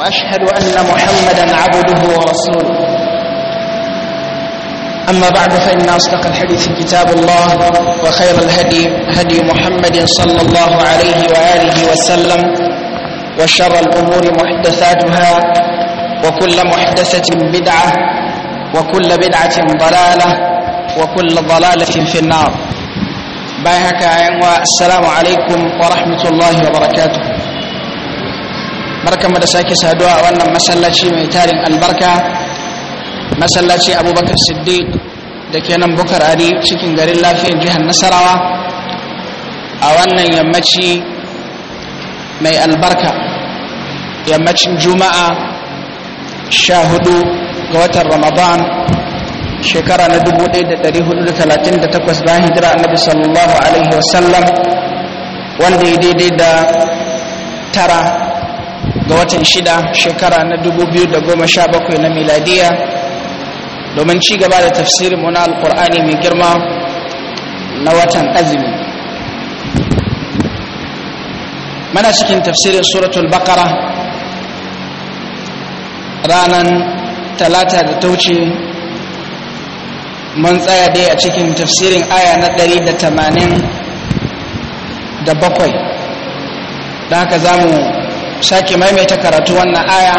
واشهد ان محمدا عبده ورسوله اما بعد فان اصدق الحديث كتاب الله وخير الهدي هدي محمد صلى الله عليه واله وسلم وشر الامور محدثاتها وكل محدثه بدعه وكل بدعه ضلاله وكل ضلاله في النار باهك السلام عليكم ورحمه الله وبركاته barkanmu da sake saduwa a wannan masallaci mai tarin albarka masallaci abubakar siddiq da ke nan bukar ari cikin garin lafiyar jihar nasarawa a wannan yammaci mai albarka yammacin juma'a sha hudu ga watan ramadan shekara na 1438 bayan hijira annabi sallallahu alaihi wasallam wanda ya daidai da tara ga watan shida shekara na da goma sha 2017 na miladiya domin ci gaba da tafsirinmu na alkur'ani mai girma na watan azumi mana cikin tafsirin suratul bakara ranar talata da ta wuce mun tsaya dai a cikin tafsirin aya na 187 da haka za mu sake maimaita karatu wannan aya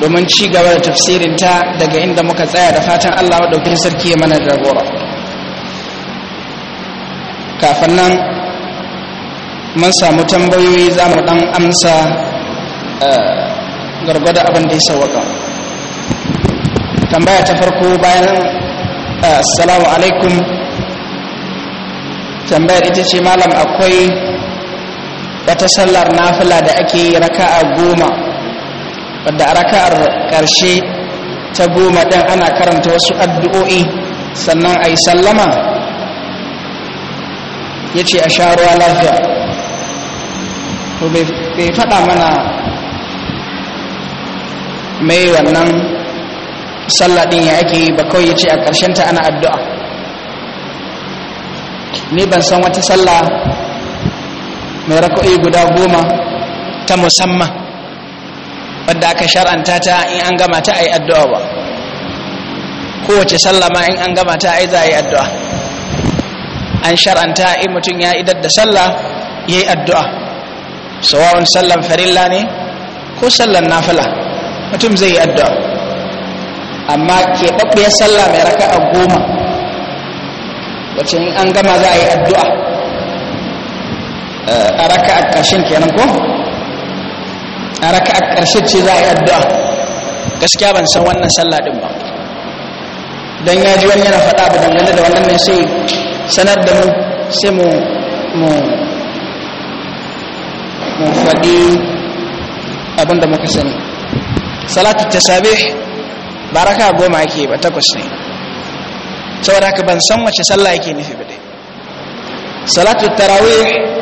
domin ci gaba da tafsirinta daga inda muka tsaya da fatan Allah maɗaukin sarki ya mana jagora kafin nan mun samu tambayoyi za mu ɗan amsa eh, gargada abin da ya sauwaka tambaya ta farko bayan eh, assalamu alaikum tambayar ita ce malam akwai wata sallar nafila da ake yi raka'a goma wadda a raka'ar ƙarshe ta goma ɗin ana karanta wasu addu'o'i sannan a yi sallama ya ce a sha lafiya to bai faɗa mana mai wannan salladin ya ake yi ba kawai ya ce a ta ana addu'a ni ban san wata salla. mai rako'i guda goma ta musamman wadda aka shar'anta ta in an gama ta a yi addu'a ba kowace sallama in an gama ta a yi za a yi addu'a an shar'anta in mutum ya idar da salla ya yi addu'a sawa'un sallan farilla ne ko sallan nafila mutum zai yi addu'a amma keɓaɓɓiyar sallah mai raka'a goma wacce in an gama za a yi addu'a a raka a ƙarshen kenan ko a raka a ƙarshen ce za a yi addu'a gaskiya ban san wannan sallah din ba don ya ji wani yana faɗa ba dangane da wannan ne sai sanar da mu sai mu mu faɗi abin da muka sani salatu tasabih ba raka goma ake ba takwas ne saboda haka ban san wace sallah yake nufi ba dai salatu tarawih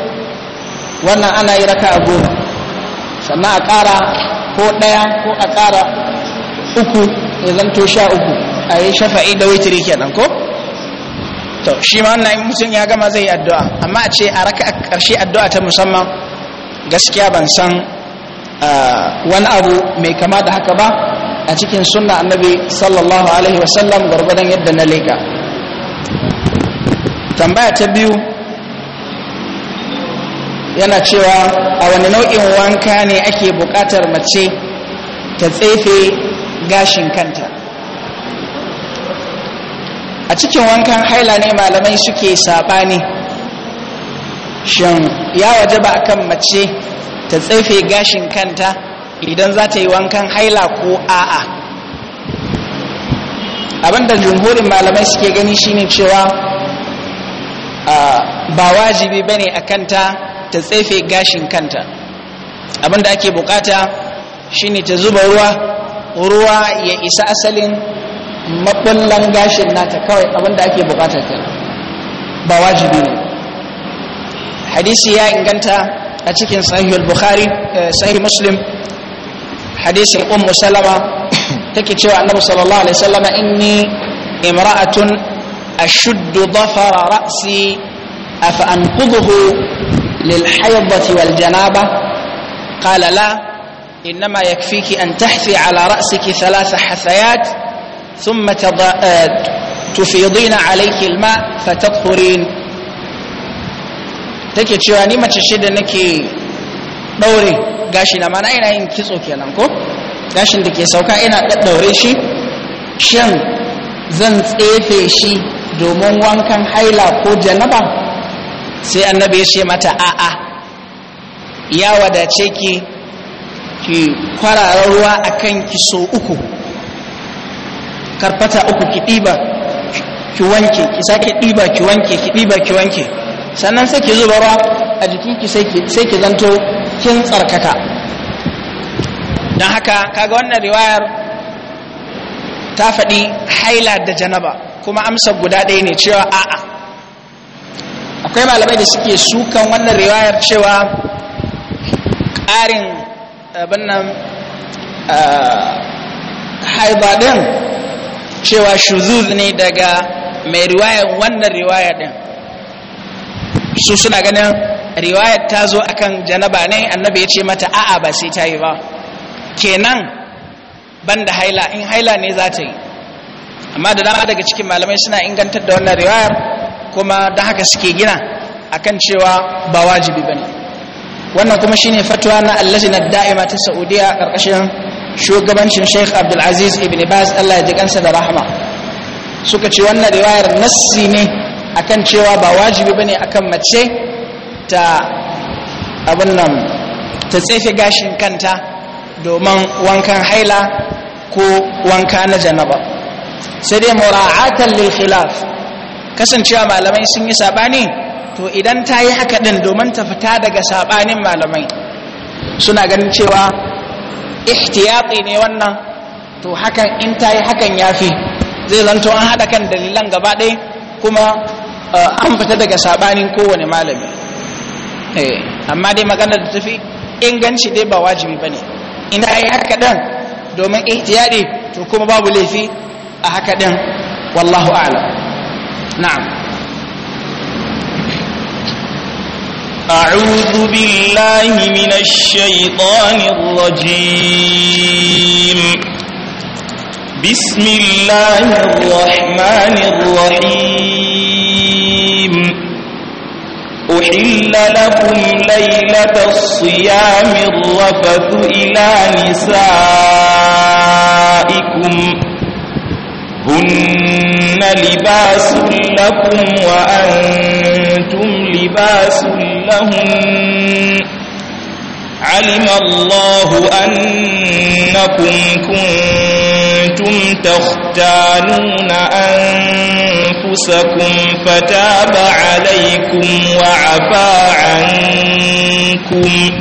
wannan ana yi raka a goma sannan a ƙara ko ɗaya ko a ƙara uku ya zanto sha uku a yi shafa'i da waitiri kenan ko to shi ma wannan mutum ya gama zai yi addu'a amma a ce a raka a ƙarshe addu'a ta musamman gaskiya ban san wani abu mai kama da haka ba a cikin sunna annabi sallallahu alaihi wasallam gwargwadon yadda na leka tambaya ta biyu yana cewa a wani nau'in wanka ne ake buƙatar mace ta tsefe gashin kanta a cikin wankan haila ne malamai suke ne, shin ya waje ba akan mace ta tsefe gashin kanta idan za ta yi wankan haila ko a'a abinda jumhurin malamai suke gani shine cewa ba wajibi bane a kanta ta tsefe gashin kanta abinda ake bukata shine ta zuba ruwa ruwa ya isa asalin makullan gashin nata kawai abinda ake bukata kenan ba wajibi ne hadisi ya inganta a cikin sahih al-bukhari eh, sahih muslim hadisin ummu salama take cewa annabi sallallahu alaihi wasallam inni imra'atun ashuddu dhafara ra'si afa anqudhu للحيضة والجنابة قال لا إنما يكفيك أن تحثي على رأسك ثلاث حثيات ثم آه، تفيضين عليك الماء فتطهرين take it sure نيمة الشدة دوري قاشنا ما نعين عين كيسوك يا نانكو قاشن دكي سوكا إنا دوريشي شن زنت إيفيشي دومون وانكان حيلا كو جنبا sai annabi ya ce mata a'a ya wadace ki ki kwararar ruwa a kan ki so uku karfata uku ki ɗiba ki wanke ki sake ɗiba ki wanke ki ɗiba ki wanke sannan sai ki zuba ruwa a jikinki sai ki zanto kin tsarkaka don haka kaga wannan riwayar ta faɗi haila da janaba kuma amsar guda ɗaya ne cewa a'a akwai malamai da suke sukan wannan riwayar cewa ƙarin abin nan haiba cewa shuzuz ne daga mai riwayar wannan riwayar ɗin su suna ganin riwayar ta zo akan janaba ne annabi ya ce mata a'a ba sai ta yi ba kenan banda haila in haila ne za ta yi amma da dama daga cikin malamai suna ingantar da wannan riwayar kuma da haka suke gina akan cewa ba wajibi bane wannan kuma shine fatwa na allajina da'ima ta saudiya karkashin shugabancin sheikh abdulaziz ibn baz allah ya ji kansa da rahama suka ce wannan riwayar nassi ne akan cewa ba wajibi bane akan mace ta abin nan ta tsefe gashin kanta domin wankan haila ko wanka na janaba sai dai mura'atan lil khilaf kasancewa malamai sun yi saɓani to idan ta yi haka ɗin domin ta fita daga saɓanin malamai suna ganin cewa ihtiyati ne wannan to hakan in ta yi hakan ya fi zai zanto an haɗa kan dalilan gaba ɗaya kuma eh, an fita daga saɓanin kowane malami eh, amma dai magana da tafi inganci dai ba wajibi ba ne ina yi haka ɗin domin ihtiyati to kuma babu laifi a haka ɗin wallahu a'lam نعم أعوذ بالله من الشيطان الرجيم بسم الله الرحمن الرحيم أحل لكم ليلة الصيام الرفث إلى نسائكم هن لباس لكم وأنتم لباس لهم علم الله أنكم كنتم تختانون أنفسكم فتاب عليكم وعفى عنكم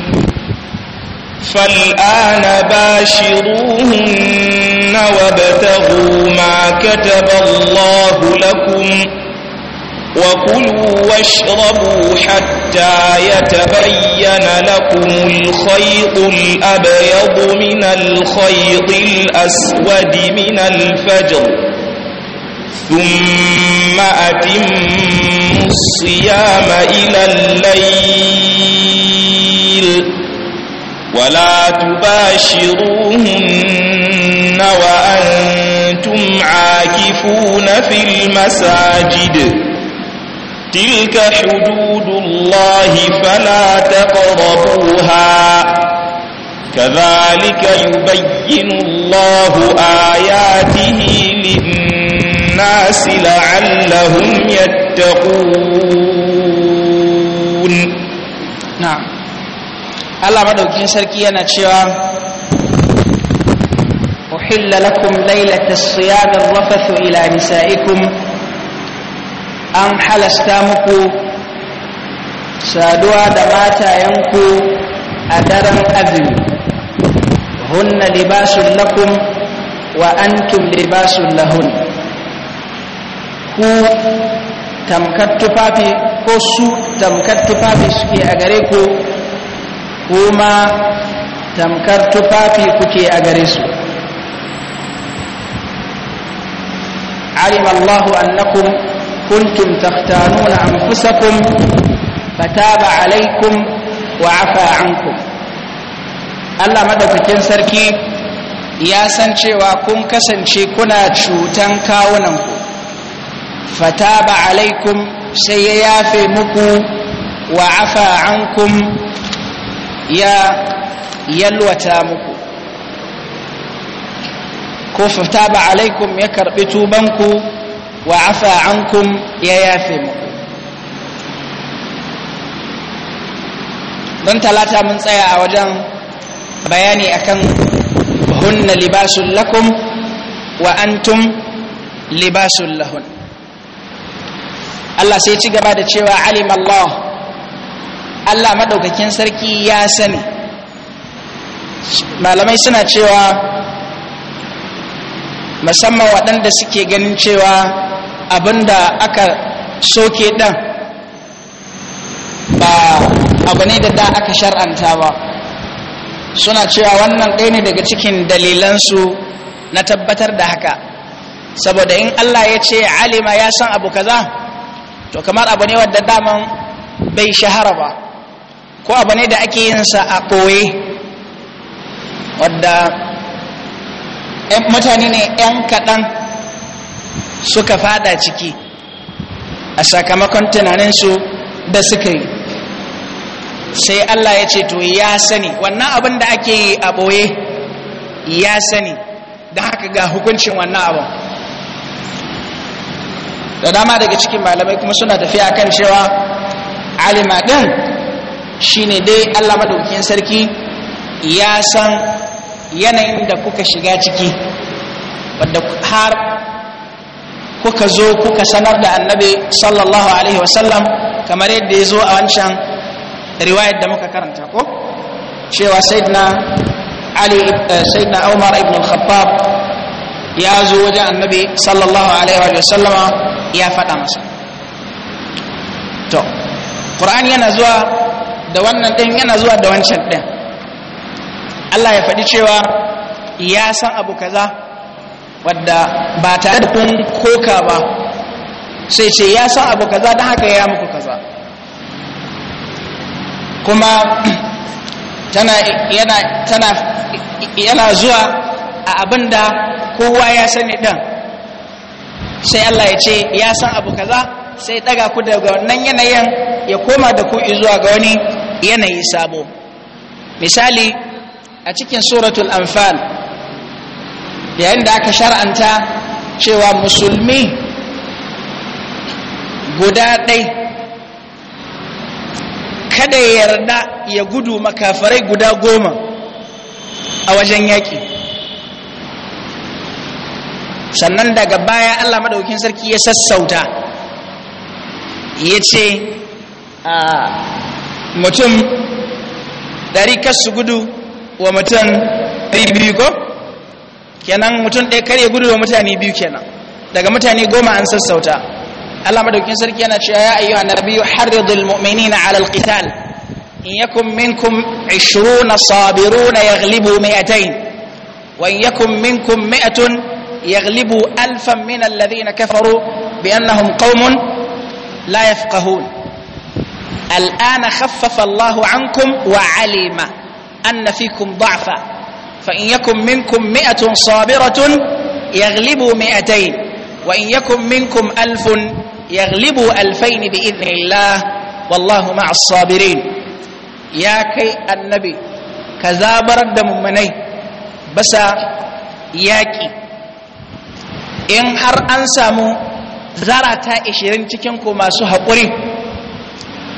فالآن باشروهن وابتغوا ما كتب الله لكم وكلوا واشربوا حتى يتبين لكم الخيط الأبيض من الخيط الأسود من الفجر ثم أتموا الصيام إلى الليل ولا تباشروهن وأنتم عاكفون في المساجد تلك حدود الله فلا تقربوها كذلك يبين الله آياته للناس لعلهم يتقون Allah madaukin sarki yana cewa uhilla lakum lailata siyam ar-rafathu ila nisaikum an halasta muku saduwa da matayanku a daren azumi hunna libasun lakum wa antum libasun lahun ku tamkar tufafi ko su tamkar tufafi suke a gare ku kuma tamkar tufafi kuke a gare su علم annakum kuntum taftanuna anfusakum fataba alaikum wa afa ankum Allah madaukakin sarki ya san cewa kun kasance kuna cutan kawunanku fataba alaikum sai ya yafe muku wa afa ankum ya yalwata muku ko ba alaikum ya karbi tubanku wa afa ankum ya yafe muku don talata mun tsaya a wajen bayani akan hunna libasun lakum wa antum libasun lahun Allah sai ci gaba da cewa alimallah Allah maɗaukakin sarki ya sani malamai suna cewa musamman waɗanda suke ganin cewa abinda aka soke ɗan ba abu ne da aka shar'anta ba suna cewa wannan ɗaya ne daga cikin dalilansu na tabbatar da haka saboda in Allah ya ce alima ya san abu kaza to kamar abu ne wadda daman bai shahara ba ko abu ne da ake yin sa a ɓoye wadda mutane ne 'yan kaɗan suka fada ciki a sakamakon tunaninsu da suka yi sai Allah ya ce to ya sani wannan abin da ake yi a ɓoye ya sani da haka ga hukuncin wannan abin da dama daga cikin malamai kuma suna tafiya kan cewa alima ɗin shine dai Allah madaukakin sarki ya san yanayin da kuka shiga ciki wadda har kuka zo kuka sanar da annabi sallallahu alaihi wasallam kamar yadda ya zo a wancan riwayar da muka karanta ko cewa sayyidina ali eh, sayyidina umar ibn al-khattab ya zo wajen annabi sallallahu alaihi wasallam ya faɗa masa to qur'ani yana zuwa da wannan ɗin yana zuwa da wancan ɗin Allah ya faɗi cewa ya san abu kaza wadda ba tare da kun koka ba sai ce ya san abu kaza don haka ya muku kaza kuma tana yana tana yana zuwa a abin da kowa ya sani ɗin sai Allah ya ce ya san abu kaza sai daga ku daga wannan yanayin ya koma da ku zuwa ga wani yanayin sabo misali a cikin suratul anfal yayin da aka shar'anta cewa musulmi guda ɗai kada ya yarda ya gudu makafarai guda goma a wajen yaƙi sannan daga baya Allah maɗaukin sarki ya sassauta ya ce ah, mutum dari kasu gudu wa mutum ɗari biyu ko kenan mutum ɗaya kare gudu wa mutane biyu kenan daga mutane goma an sassauta Allah madaukin sarki yana cewa ya ayyuha nabiyyu haridul mu'minina 'ala al-qital in yakum minkum 20 sabirun yaghlibu 200 wa in yakum minkum 100 yaghlibu 1000 min alladhina kafaru bi annahum qaumun la yafqahun الآن خفف الله عنكم وعلم أن فيكم ضعفا فإن يكن منكم مئة صابرة يغلبوا مئتين وإن يكن منكم ألف يغلبوا ألفين بإذن الله والله مع الصابرين يا كي النبي كذا برد بس يا ياكي إن هر أنسامو zarata 20 cikin ku masu haƙuri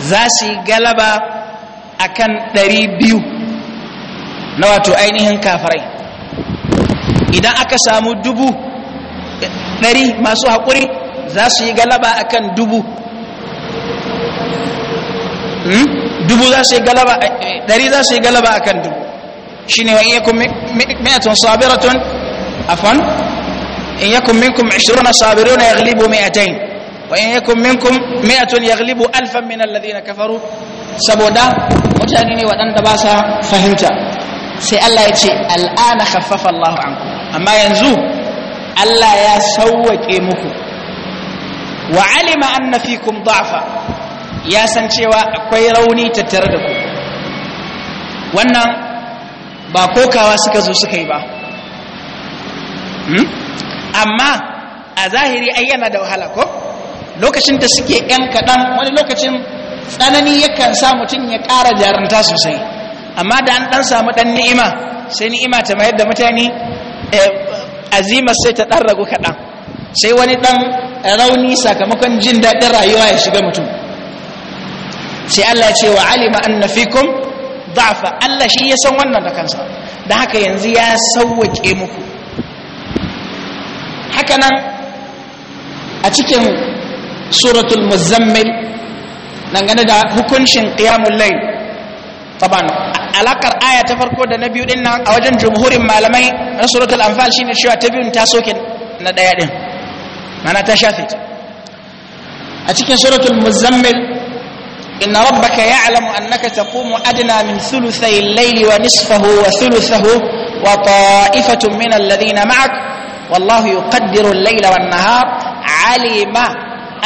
za su yi galaba a kan ɗari biyu na wato ainihin kafarai idan aka samu dubu ɗari masu haƙuri za su yi galaba a kan dubu hmm? dubu za su yi galaba eh, eh, ɗari za su yi galaba a kan dubu shi ne wa in kun mi'atun sabiratun afon in yakun minkum 20 sabiruna yaghlibu mi'atayn wa in yakum minkum mi'atun yaghlibu alfan min alladhina kafaru saboda mutane ne waɗanda ba sa fahimta sai Allah ya ce al'ada khaffafa Allahu yanzu Allah ya sauwake muku wa alima anna fikum da'fa ya san cewa akwai rauni tattare da ku wannan ba kokawa suka zo suka yi ba amma a zahiri ai yana da wahala ko lokacin da suke ‘yan kaɗan wani lokacin tsanani yakan sa mutum ya ƙara jaranta sosai amma da an ɗan samu ɗan ni'ima sai ni'ima ta mayar da mutane eh, azimar sai ta ɗan ragu kaɗan sai wani ɗan rauni sakamakon jin daɗin rayuwa ya shiga mutum sai Allah ya ce wa alima an fi kun da'fa Allah shi ya san wannan da kansa da haka yanzu ya sauwake muku hakanan a cikin سورة المزمل نحن دا هكونشن قيام الليل طبعا على كر آية تفرقوا دا نبيو دينا أوجن جمهور المعلمي سورة الأنفال شين الشوى تبيو نتاسوكين ندا يدين معنا تشافت سورة المزمل إن ربك يعلم أنك تقوم أدنى من ثلثي الليل ونصفه وثلثه وطائفة من الذين معك والله يقدر الليل والنهار علي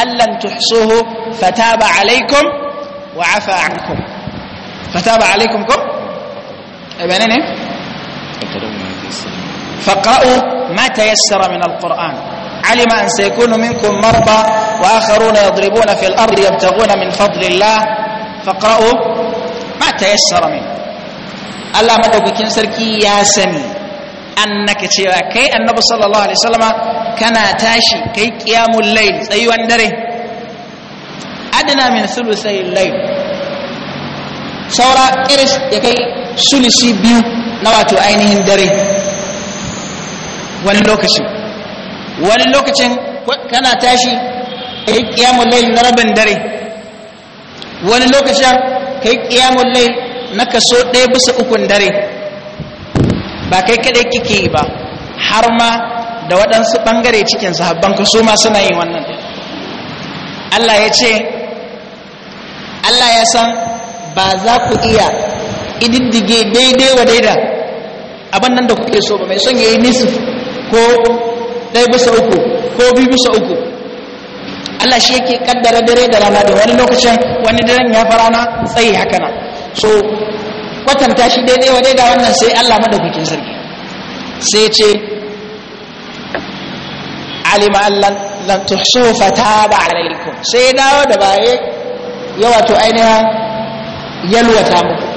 أن لم تحصوه فتاب عليكم وعفى عنكم فتاب عليكم كم فقرأوا ما تيسر من القرآن علم أن سيكون منكم مرضى وآخرون يضربون في الأرض يبتغون من فضل الله فقرأوا ما تيسر منه الله مدوك كنسر كي ياسمين annaka cewa kai annabi sallallahu alaihi wasallama kana tashi kai qiyamul layl tsayuwan dare adana min thuluthai layl saura irish ya kai sulusi biyu na wato ainihin dare wani lokaci wani lokacin kana tashi kai qiyamul layl na rabin dare wani lokacin kai qiyamul layl na kaso ɗaya bisa ukun dare ba kai kadai kike ba har ma da waɗansu ɓangare cikin sahabban ka su ma suna yin wannan Allah ya ce Allah ya san ba za ku iya ididdige daidai wa daida abin nan da kuke so ba mai son ya yi nisif ko ɗaya bisa uku ko biyu bisa uku Allah shi yake kaddara dare da rana da wani lokacin wani daren ya na tsayi haka na so kwatanta shi daidai wa da wannan sai Allah madaukakin sarki sai ce alima allan lan tuhsu fataba alaikum sai dawo da baye ya wato ainihin yalwata muku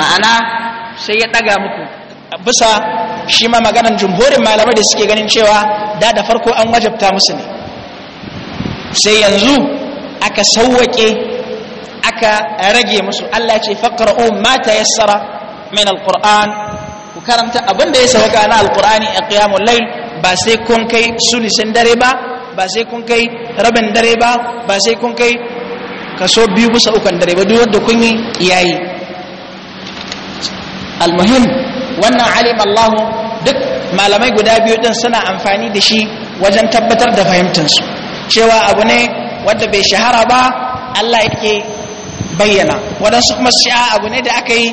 ma'ana sai ya daga muku bisa shi ma maganar jumhurin malamai da suke ganin cewa da da farko an wajabta musu ne sai yanzu aka sauwake aka rage musu Allah ce faqra'u ma tayassara min alquran ku karanta abin da ya sauka na alqurani a qiyamul layl ba sai kun kai sulisin dare ba ba sai kun kai rabin dare ba ba sai kun kai kaso biyu bisa ukun dare ba duk wanda kun yi yayi almuhim wannan alim Allah duk malamai guda biyu din suna amfani da shi wajen tabbatar da fahimtansu cewa abu ne wanda bai shahara ba Allah yake bayyana waɗansu kuma shi'a abu ne da aka yi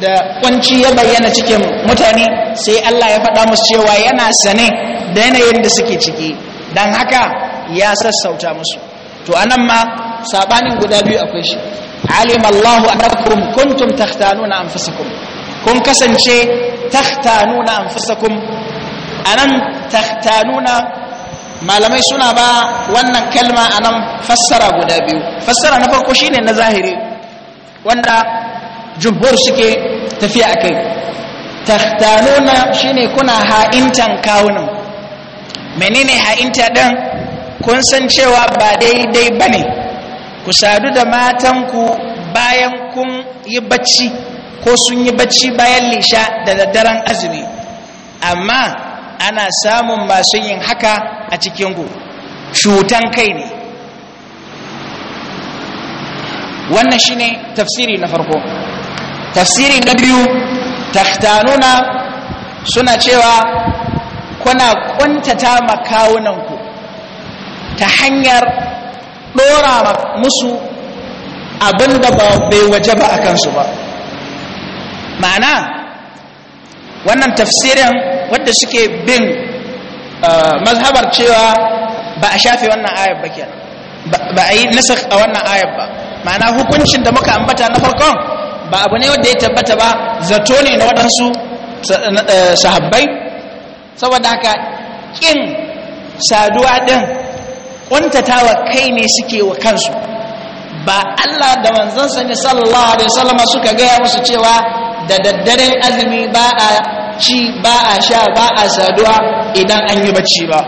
da kwanci ya bayyana cikin mutane sai Allah ya faɗa musu cewa yana sane da yanayin da suke ciki don haka ya sassauta musu to anan ma sabanin guda biyu akwai shi alim Allahu annakum kuntum takhtanuna anfusakum kun kasance takhtanuna anfusakum anan takhtanuna malamai suna ba wannan kalma a nan fassara guda biyu fassara na farko shine na zahiri wanda jumhur suke tafiya a kai tahtanuna shine kuna ha'intan kawunan menene ha'inta ɗin kun san cewa ba daidai ba ne ku sadu da matanku bayan kun yi bacci ko sun yi bacci bayan lisha da daddaren azumi amma ana samun masu yin haka a cikin ku cutan kai ne wannan shine tafsiri na farko tafsiri na biyu takhtanuna suna cewa kuna kuntata makawunanku ta hanyar dora musu abin da bai waje ba a kansu ba ma'ana wannan tafsirin wadda suke bin uh, mazhabar cewa ba a shafe wannan ayar ba kenan ba a yi nasar a wannan ayar ba ma'ana hukuncin da muka ambata na farkon ba abu ne wanda ya tabbata ba zato ne na waɗansu eh, sahabbai saboda haka ƙin saduwa ɗin ƙuntatawa kai ne suke wa kansu ba Allah da manzansa ne sallallahu alaihi wasallam suka gaya musu cewa da daddaren azumi ba a ci ba a sha ba a saduwa idan an yi bacci ba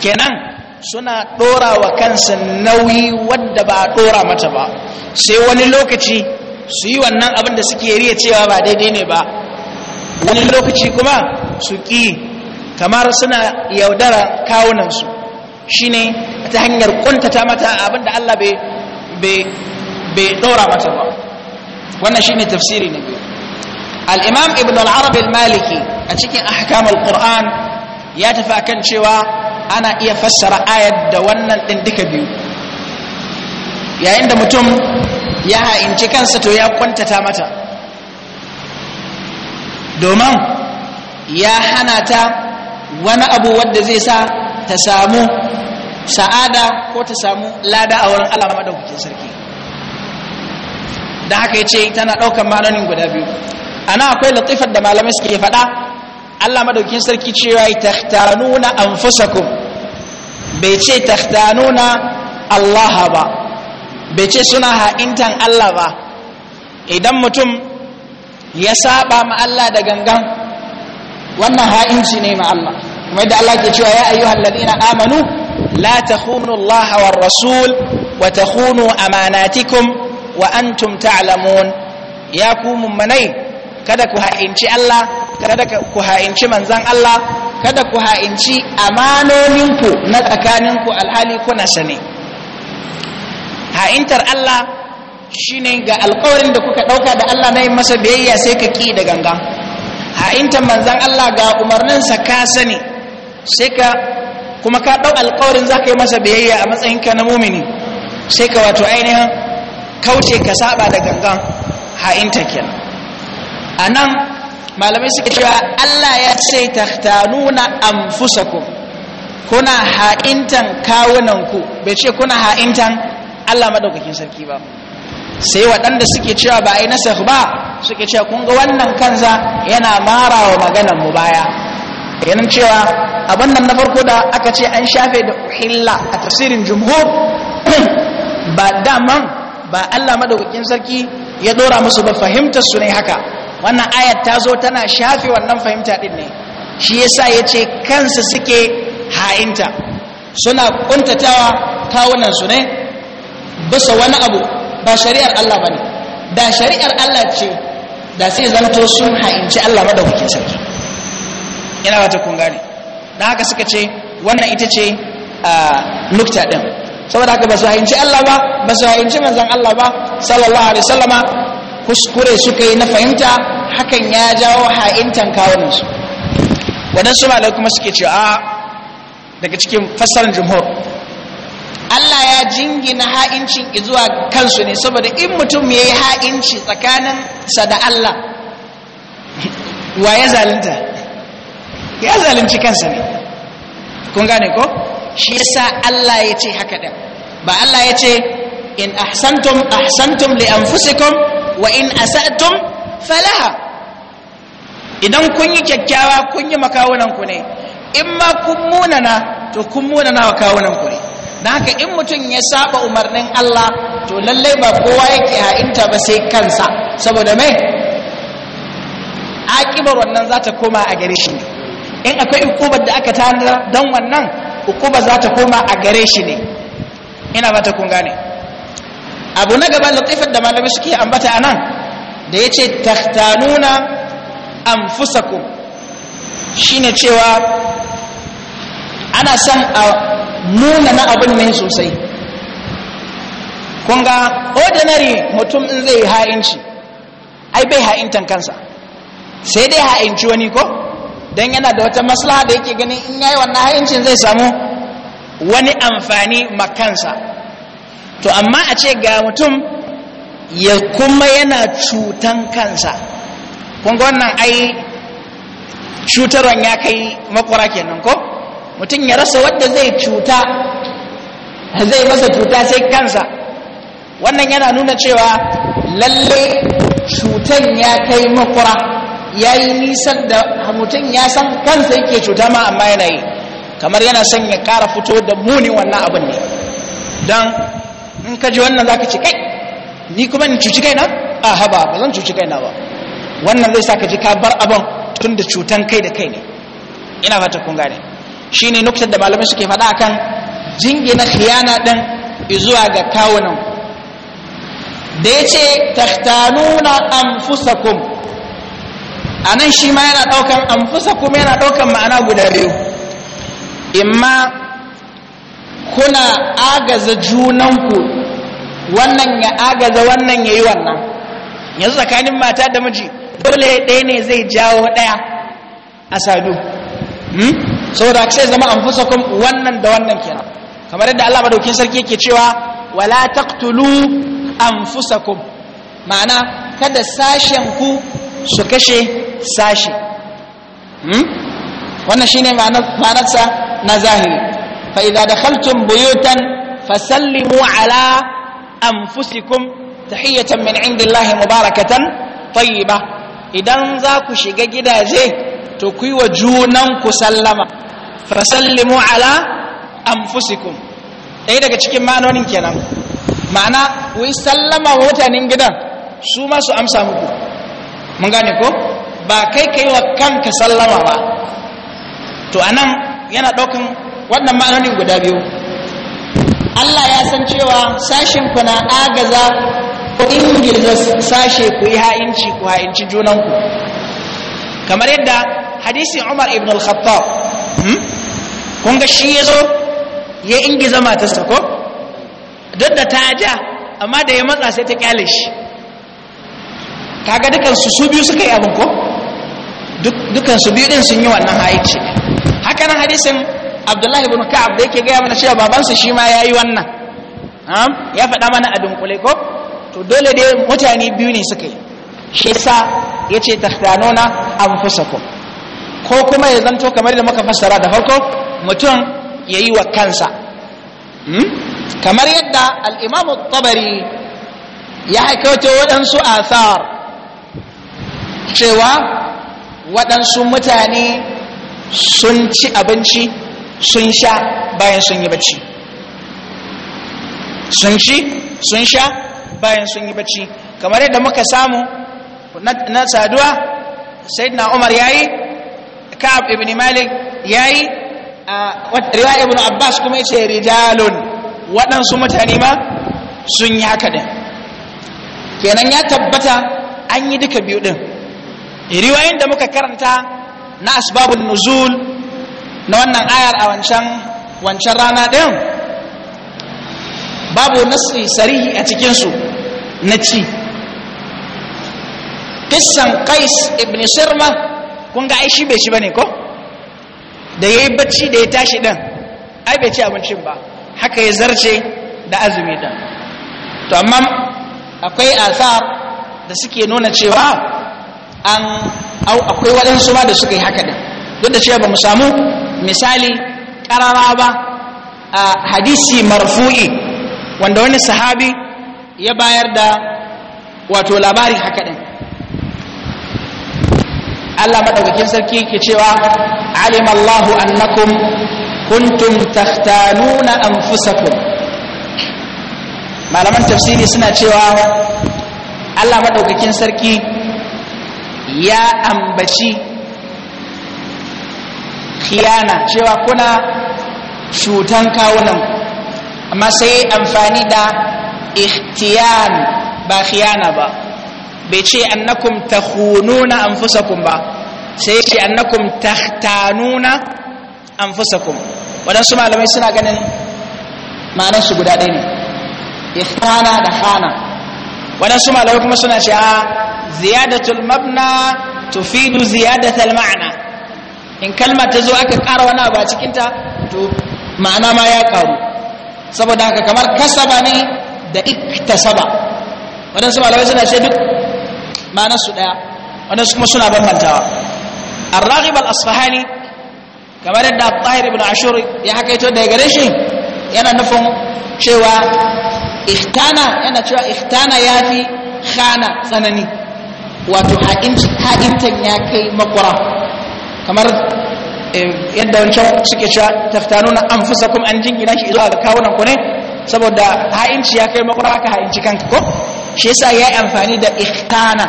kenan suna dorawa wa kansa nauyi wadda ba a dora mata ba sai wani lokaci su yi wannan abin da suke riya cewa ba daidai ne ba wani lokaci kuma su ƙi kamar suna yaudara kawunansu shine ta hanyar kuntata mata abin da Allah bai dora mata ba wannan shine tafsiri ne. biyu al'imam ibn al'arab maliki a cikin ahkam al-qur'an ya tafi a kan cewa ana iya fassara ayat da wannan ɗin duka biyu yayin da mutum ya ha'inci kansa to ya kwantata mata domin ya hana ta wani abu wadda zai sa ta samu sa'ada ko ta samu lada a wurin alama madaukakin sarki da haka ya ce tana ɗaukar ma'anonin guda biyu ana akwai latifar da malamai suke faɗa Allah madaukin sarki cewa tahtanuna anfusakum bai ce tahtanuna Allah ba bai ce suna ha'intan Allah ba idan mutum ya saba ma Allah da gangan wannan ha'inci ne ma Allah kuma yadda Allah ke cewa ya ayyuhal ladina amanu la takhunu Allah war rasul wa takhunu amanatikum wa antum ta'lamun ya ku mummanai kada ku ha'inci Allah kada ku ha'inci manzan Allah kada ku ha'inci amanoninku na tsakaninku alhali kuna sane ha'intar Allah shine ga alƙawarin da kuka ɗauka da Allah na yin masa biyayya sai ka ƙi da ganga ha'intar manzan Allah ga umarninsa ka sani sai ka kuma ka ɗau alƙawarin za ka yi masa biyayya a matsayinka na mumini sai ka wato ainihin kauce ka saba da gangan ha'inta kenan a nan malamai suke cewa allah ya ce tahtanuna anfusakum kuna ha'intan kawunanku bai ce kuna ha'intan allah maɗaukakin sarki ba sai waɗanda suke cewa ba a yi ba suke cewa kun ga wannan kansa yana mara wa maganan mu baya yanin cewa abin nan na farko da aka ce an shafe da uhilla a tasirin jumhur ba daman ba allah maɗaukakin sarki ya ɗora musu ba fahimtar su ne haka wannan ayat ta zo tana shafe wannan fahimta din ne shi yasa ya ce kansu suke ha'inta suna kuntatawa kawunansu ne bisa wani abu ba shari'ar Allah ba ne da shari'ar Allah ce da sai zanto sun ha'inci Allah da madaukakin sarki ina wata kun gane da haka suka ce wannan ita ce nukta din saboda haka ba su ha'inci Allah ba ba su ha'inci manzon Allah ba sallallahu alaihi wasallama kuskure suka yi na fahimta hakan ya jawo ha'intan kawunansu waɗansu malai kuma suke cewa a daga cikin fassarar jumhur Allah ya jingina ha'incin zuwa kansu ne saboda in mutum ya yi ha'inci tsakaninsa da Allah wa ya zalunta ya zalinci kansa ne kun gane ko shi yasa Allah ya ce haka ɗin ba Allah ya ce in ahsantum ahsantum li anfusikum wa in asatum falaha idan kun yi kyakkyawa kun yi makawunan ku ne in ma kun munana to kun munana wa kawunan ku ne dan haka in mutum ya saba umarnin Allah to lallai ba kowa yake inta ba sai kansa saboda mai akibar wannan za ta koma a gare shi ne in akwai ukubar da aka tanada don wannan ukuba za ta koma a gare shi ne ina ba ta kun gane abu na gaba latifar da malamai suke ambata anan da ya ce tahtanuna anfusakum shine cewa ana san a nuna na abin ne sosai kunga ordinary mutum in zai ha'inci ai bai ha'intan kansa sai dai ha'inci wani ko don yana da wata maslaha da yake ganin in yayi wannan ha'incin zai samu wani amfani makansa to amma a ce ga mutum ya kuma yana cutan kansa kunga wannan ai cutarwan ya kai makwara kenan ko mutum ya rasa wadda zai cuta zai masa cuta sai kansa wannan yana nuna cewa lalle cutan ya kai makwara ya yi nisan da mutum ya san kansa yake cuta ma amma yana yi kamar yana son ya kara fito da muni wannan abin ne don in ka ji wannan za ka ce kai ni kuma ni cuci kai na a ah, haba ba zan cuci kai na ba wannan zai sa ka ji ka bar abin tun da cutan kai da kai ne ina fata kun gane shi ne nuktar da malamai suke faɗa akan jingina khiyana ɗin zuwa ga kawunan da ya ce tahtanuna anfusakum a nan shi ma yana ɗaukan kuma yana ɗaukan ma'ana guda biyu imma kuna agaza junanku wannan ya agaza wannan ya yi wannan yanzu tsakanin mata da miji dole ɗaya ne zai jawo ɗaya a sadu hmm? saboda ce zama an fusa wannan da wannan kenan kamar yadda Allah madaukin sarki yake cewa wala taqtulu anfusakum ma'ana kada sashen ku su kashe sashi hmm? wannan shine ma'anar ma'anarsa na zahiri fa idza dakhaltum buyutan fasallimu ala anfusikum tahiyatan min indillahi mubarakatan tayyiba idan za ku shiga gidaje to ku yi wa junan ku sallama fasallimu ala anfusikum ɗaya daga cikin ma'anonin kenan ma'ana ku yi sallama mutanen gidan su ma su amsa muku mun gane ko ba kai kai wa kanka sallama ba to anan yana ɗaukan wannan ma'anonin guda biyu Allah ya san cewa sashen ku na agaza ku ingilza sashe ku yi ha'inci ku ha'inci junanku kamar yadda hadisin Umar ibn al-Khattab hmm? kun ga shi ya zo ya ingiza matarsa ko duk da ta ja amma da ya matsa sai ta kyale shi kaga dukansu su biyu suka yi abin ko dukansu biyu din sun yi wannan ha'inci Hakanan hadisin abdullahi ibn ka'ab da yake gaya mana cewa babansa shi ma yayi wannan ya faɗa mana a dunkule ko to dole dai mutane biyu ne suka yi shi sa yace an anfusakum ko kuma ya zanto kamar da muka fassara da farko mutum yayi wa kansa hmm? kamar yadda al-imam tabari ya haikato waɗansu asar cewa waɗansu mutane sun ci abinci sun sha bayan sun yi bacci sun ci sun sha bayan sun yi bacci kamar yadda muka samu na saduwa sayyidina umar yayi ka'ab ibn malik yayi riwaya ibn abbas kuma yace rijalun waɗansu mutane ma sun yi haka din kenan ya tabbata an yi duka biyu din riwayoyin da muka karanta na asbabun nuzul na wannan ayar a wancan wancan rana ɗin babu nasri sarihi a cikinsu na ci kissan kais ibn shirma kun ga aishi bai shi ba ko da ya yi bacci da ya tashi din ai bai ci abincin ba haka ya zarce da azumi ɗin to amma akwai asar da suke nuna cewa an akwai waɗansu ma da suka yi haka din duk da cewa ba mu samu misali ƙarara ba a hadisi marfu'i wanda wani sahabi ya bayar da wato labari haka ɗin Allah maɗaukakin sarki ke cewa alimallahu annakum kuntum takhtanuna anfusakum malaman tafsiri suna cewa Allah maɗaukakin sarki ya ambaci khiyana cewa kuna cutan kawunan amma sai amfani da ikhtiyan ba khiyana ba bai ce annakum ta hununa an anfusakum ba sai ce annakum ta tanuna an anfusakum waɗansu malamai suna ganin ma'anar su guda ɗaya ne ikhtana da hana, waɗansu malamai kuma suna ce a ziyadatul mabna tufidu ziyadatul ma'ana in kalma ta zo aka ƙara wani abu a cikinta to ma'ana ma ya ƙaru saboda haka kamar kasaba ne da iktasaba waɗansu malamai suna ce duk ma'anarsu ɗaya waɗansu kuma suna bambantawa الراغب asfahani kamar yadda Tahir ibn Ashur ya hakaito daga gare shi yana nufin cewa ihtana yana cewa ya fi khana tsanani wato ha'inci ha'intan ya kai makwara kamar eh, yadda wancan suke cewa taftanuna kuma an jingina shi zuwa ga kawunan ku ne saboda ha'inci ya kai makura aka ha'inci kanka ko shi yasa ya yi amfani da ikhtana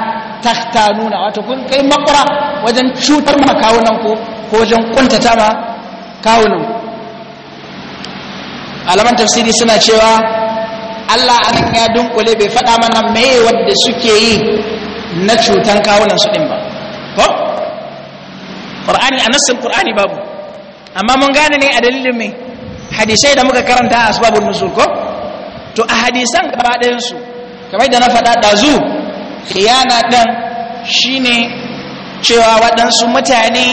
na wato kun kai makura wajen cutar ma kawunan ku ko wajen kuntata ma kawunan ku alaman tafsiri suna cewa Allah an ya dunkule bai faɗa mana mai wadda suke yi na cutan kawunan su din ba ko qur'ani a nassin qur'ani babu amma mun gane ne a dalilin mai hadisai da muka karanta a asbabun nuzul ko to a hadisan gaba ɗayan su kamar da na faɗa ɗazu khiyana shi shine cewa waɗansu mutane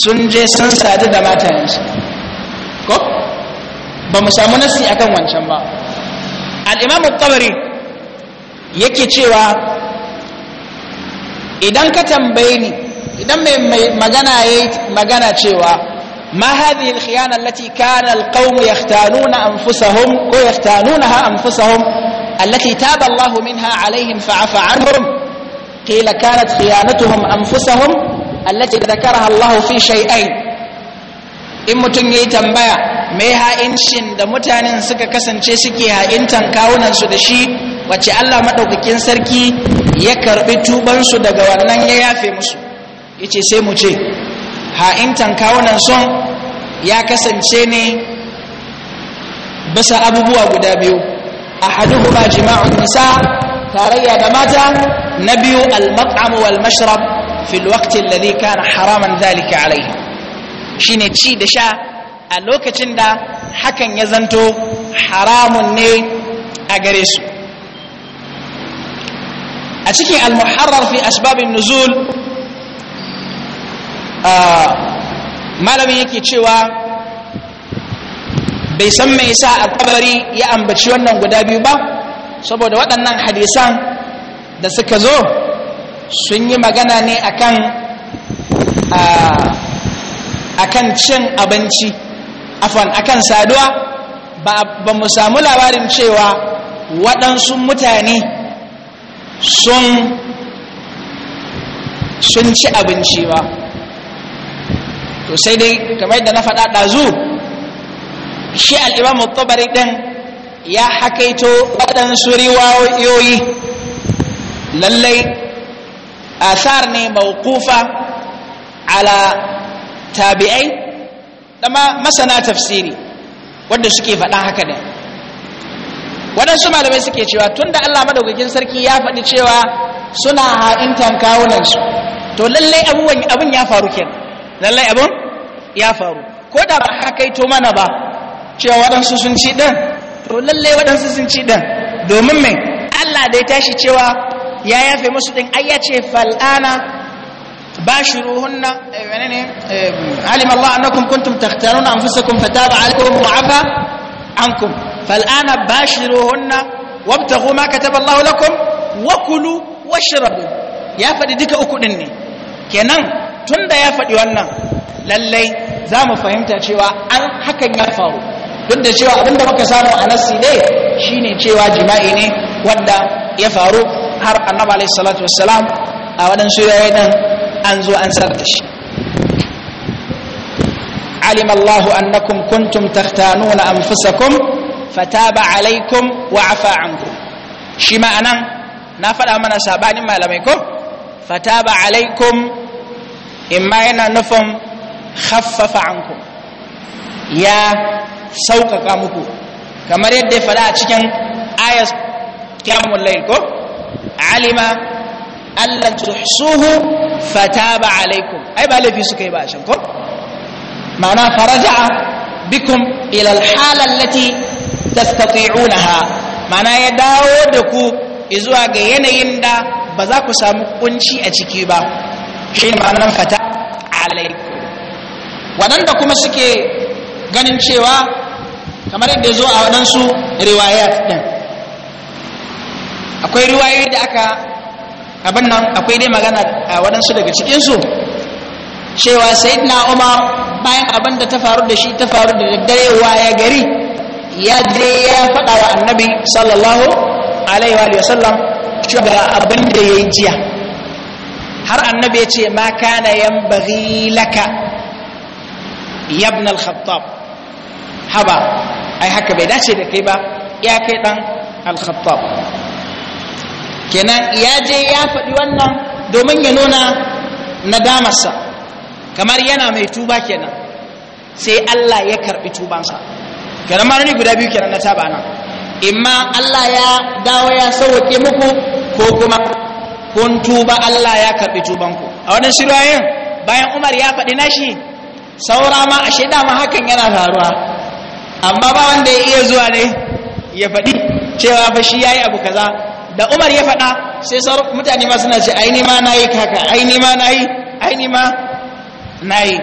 sun je sun sadu da matayensu ko ba mu samu nasi akan wancan ba al'imamu tabari yake cewa idan ka tambaye ni idan mai magana yayi magana cewa ma hadhihi al-khiyana allati kana al-qawm yahtanuna anfusahum ko yahtanunaha anfusahum allati taba Allahu minha alaihim fa'afa anhum qila kanat khiyanatuhum anfusahum allati dhakaraha Allahu fi shay'ain in mutun yayi tambaya me ha'incin da mutanen suka kasance suke ha'intan kawunan su da shi wacce Allah madaukakin sarki ya karbi tubansu daga wannan ya yafe musu ya ce sai mu ce ha'intan kawunan son ya kasance ne bisa abubuwa guda biyu a haduhu ma jima'un nisa tarayya da mata na biyu al-mat'amu wal mashrab fil waqti alladhi kana haraman dhalika alayhi shine ci da sha a lokacin da hakan ya zanto haramun ne a gare su a cikin al-muharrar fi asbabin nuzul Ah, malamin yake cewa bai san mai sa alkabari ya ambaci wannan guda biyu ba saboda waɗannan hadisan da suka zo sun yi magana ne akan ah, akan cin abinci afon akan saduwa ba mu samu labarin cewa waɗansu mutane sun ci abinci ba to sai dai kamar yadda na faɗa ɗazu shi al'imam mutabari ɗin ya hakaito waɗansu riwayoyi lallai asar ne maukufa ala tabi'ai da masana tafsiri wadda suke faɗa haka ne waɗansu malamai suke cewa tun da Allah madaukakin sarki ya faɗi cewa suna ha'intan kawunansu to lallai abin ya faru kenan lallai abin ya faru ko da ba hakaito mana ba cewa waɗansu sun ci ɗan to lallai waɗansu sun ci ɗan domin mai allah da ya tashi cewa ya yafe musu ɗin ai ya ce fal'ana باشروهن علم الله أنكم كنتم تختارون أنفسكم فتاب عليكم وعفى عنكم فالآن باشروهن وابتغوا ما كتب الله لكم Ya faɗi duka uku ɗin ne. Kenan. tun da ya faɗi wannan lallai za mu fahimta cewa an hakan ya faru duk da cewa abinda muka samu a nassi ne shine cewa jima'i ne wanda ya faru har annabi alaihi salatu wassalam a waɗansu yayin nan an zo an sar da shi علم الله أنكم كنتم تختانون أنفسكم فتاب عليكم وعفى عنكم شما أنا أمنا سابان ما لم فتاب عليكم imma yana nufin khaffafa anku ya sauƙaƙa muku kamar yadda ya faɗa a cikin ayas kyamun laiko alima allan tuhsuhu fataba alaikum ai ba laifi suka yi ba a ko ma'ana faraja'a bikum ila alhala allati tastati'unaha ma'ana ya dawo da ku zuwa ga yanayin da ba za ku samu kunci a ciki ba shi ne ma'anar fata alai waɗanda kuma suke ganin cewa kamar yadda zo a waɗansu riwayat ɗin akwai riwayoyi da aka abin nan akwai dai magana a waɗansu daga cikinsu cewa na umar bayan abin da ta faru da shi ta faru da daddare waya gari ya je ya faɗa wa annabi sallallahu alaihi wa sallam cewa abin da ya yi jiya har annabi ya ce ma kana yanbaghi laka yabna khattab haba ai haka bai dace da kai ba ya kai dan al-khattab kenan ya je ya faɗi wannan domin ya nuna nadamarsa kamar yana mai tuba kenan sai Allah ya karɓi tubansa kenan ma guda biyu kenan na taba nan imma Allah ya dawo ya sauke muku ko kuma kun tuba Allah ya karɓi tubanku a wannan shirwayen bayan Umar ya faɗi nashi saura ma a shaida ma hakan yana faruwa amma ba wanda ya iya zuwa ne ya faɗi cewa fa shi yayi abu kaza da Umar ya faɗa sai mutane ma suna ce ai ni ma nayi kaka ai ma nayi ai ni ma nayi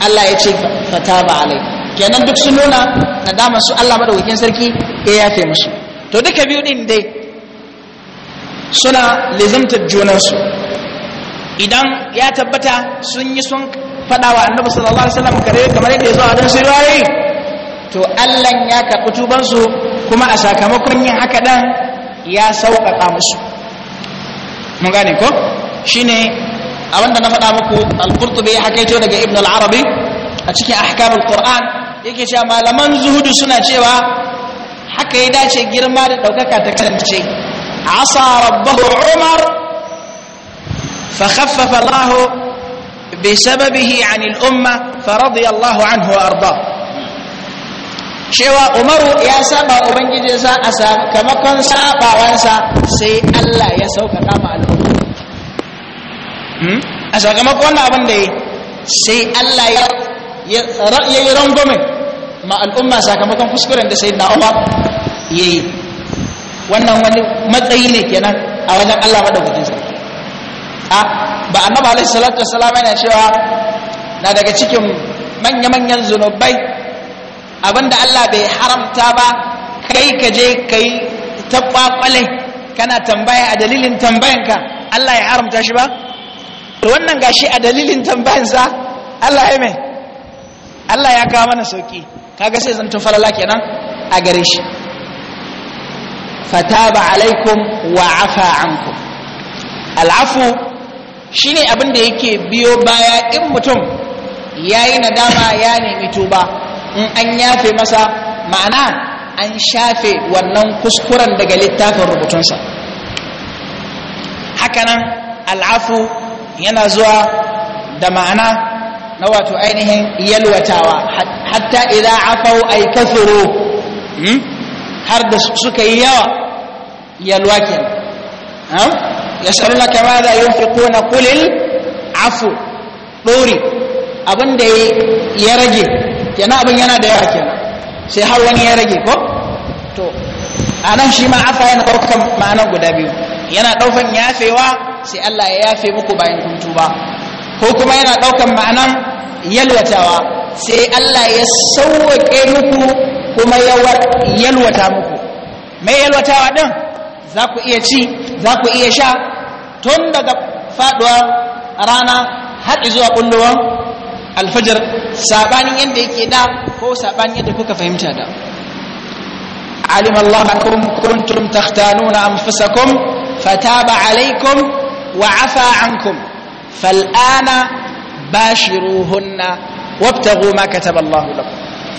Allah ya ce fataba alai kenan duk sun nuna nadama su Allah madaukakin sarki ya yafe musu to duka biyu din dai suna lizimtar junansu idan ya tabbata sun yi sun fada wa annabi sallallahu alaihi wasallam kare kamar yadda ya zo a su riwayoyi to Allah ya karbi tubansu kuma a sakamakon yin haka dan ya sauƙaƙa musu mun gane ko shine abinda na fada muku al-qurtubi haka hakaito daga ibn al-arabi a cikin al qur'an yake cewa malaman zuhudu suna cewa haka ya dace girma da ɗaukaka ta kasance عصى ربه عمر فخفف الله بسببه عن الأمة فرضي الله عنه وأرضاه شوى عمر يا سبا أبنجد يسا أسا كما كن سابا وانسا سي ألا يسوك كما الأمة أسا كما كن أبن دي سي ألا يرمضم مع الأمة سا كما كن فسكرا سيدنا عمر يي wannan wani matsayi ne kenan a wajen Allah madaukakin sa a ba annabi alaihi salatu wassalam yana cewa na daga cikin manya-manyan zunubai abinda Allah bai haramta ba kai ka je kai ta kwakwale kana tambaya a dalilin tambayanka Allah ya haramta shi ba wannan gashi a dalilin tambayansa Allah ya mai Allah ya kawo mana sauki kaga sai zan falala kenan a gare shi fataba alaikum wa afa ankum al'afu shine abin da yake biyo baya in mutum yayi nadama ya nemi tuba in an yafe masa ma'ana an shafe wannan kuskuren daga littafin rubutunsa hakanan al'afu yana zuwa da ma'ana na wato ainihin yalwatawa hatta idan afau ay kathuru hmm? har da suka yi yawa yalwa kenan da madha yunfiquna na kulil afu ɗori abinda ya rage na abin yana da yawa ke sai har wani ya rage ko to a nan shi ma afa yana ɗaukar ma'anar guda biyu yana ɗaukan yafewa sai Allah ya yafe muku bayan kuntu ba, ko kuma yana ɗaukar ma'anar yalwatawa sai Allah ya sauwaƙe muku kuma yalwata muku mai yalwata wa ɗin za ku iya ci za ku iya sha tun daga faɗuwar rana haɗi zuwa ƙullowar alfajar saɓanin yadda yake da ko saɓanin yadda kuka fahimta da alim Allah akum kuntum takhtanuna anfusakum fataba alaikum wa afa ankum fal'ana bashiruhunna wabtagu ma kataballahu lakum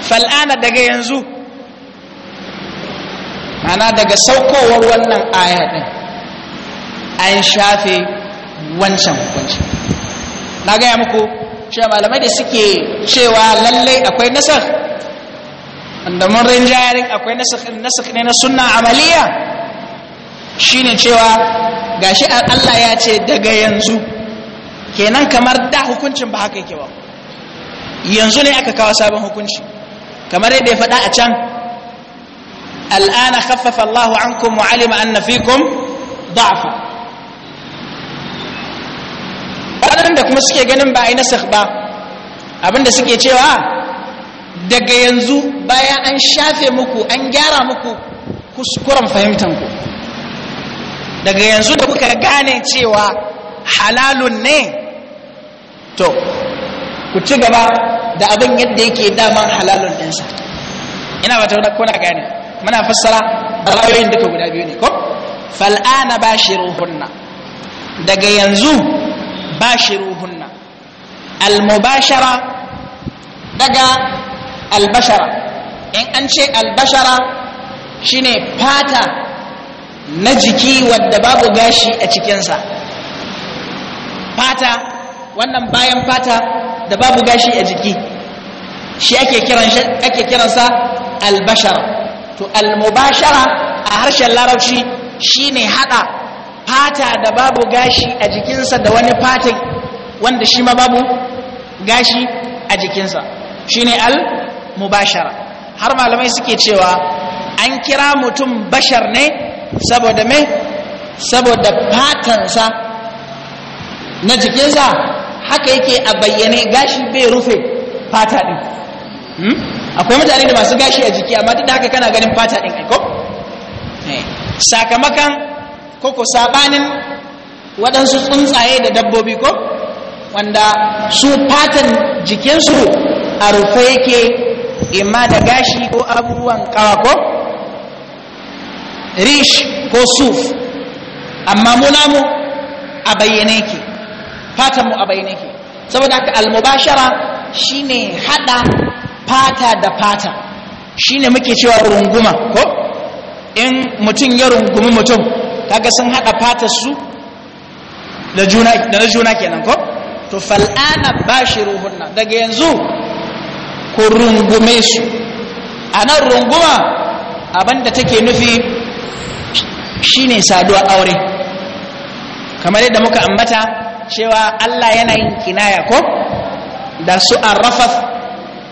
fal'ana daga yanzu mana daga saukowar wannan aya din an shafe wancan hukunci na gaya muku cewa malamai da suke cewa lallai akwai nasar inda mun rinjayarin akwai nasar ne na sunna amaliya shine cewa gashi Allah ya ce daga yanzu kenan kamar da hukuncin ba haka yake ba yanzu ne aka kawo sabon hukunci kamar yadda ya faɗa a can al'ana khaffafa Allahu ankum wa alima anna fikum da'fa waɗanda kuma suke ganin ba a yi nasakh ba abinda suke cewa daga yanzu bayan an shafe muku an gyara muku kuskuren fahimtanku daga yanzu da kuka gane cewa halalun ne to ku ci gaba da abin yadda yake daman halalun ɗinsa ina ba ta wadda kuna gane muna fassara ra'ayoyin duka guda biyu ne ko fal'ana ba shi ruhunna daga yanzu ba shi ruhunna almubashara daga albashara in an ce albashara shine fata na jiki wadda babu gashi a cikinsa fata wannan bayan fata da babu gashi a jiki shi ake kiransa albashara to almubashara a harshen larabci shine haɗa fata da babu gashi a jikinsa da wani fata wanda shi ma babu gashi a jikinsa shine almubashara har malamai suke cewa an kira mutum bashar ne saboda me saboda fatansa na jikinsa haka yake a bayyane gashi bai rufe fata din hmm? akwai mutane da masu gashi a jiki amma duk da haka kana ganin fata din aiko eh. sakamakon ko ko sabanin waɗansu tsuntsaye da dabbobi ko wanda su fatan jikinsu a rufe yake imma da gashi ko abubuwan kawa ko rish ko suf amma mu namu a bayyane yake fatan mu a bainake saboda haka almubashara shine hada fata da fata shine muke cewa runguma ko in mutum ya rungumi mutum kaga sun hada fata su da juna da na juna kenan ko to fal'ana bashiruhunna daga yanzu ku rungume su anan runguma abinda take nufi shine saduwa aure kamar yadda muka ambata cewa Allah yana yin kinaya ko da su arrafaf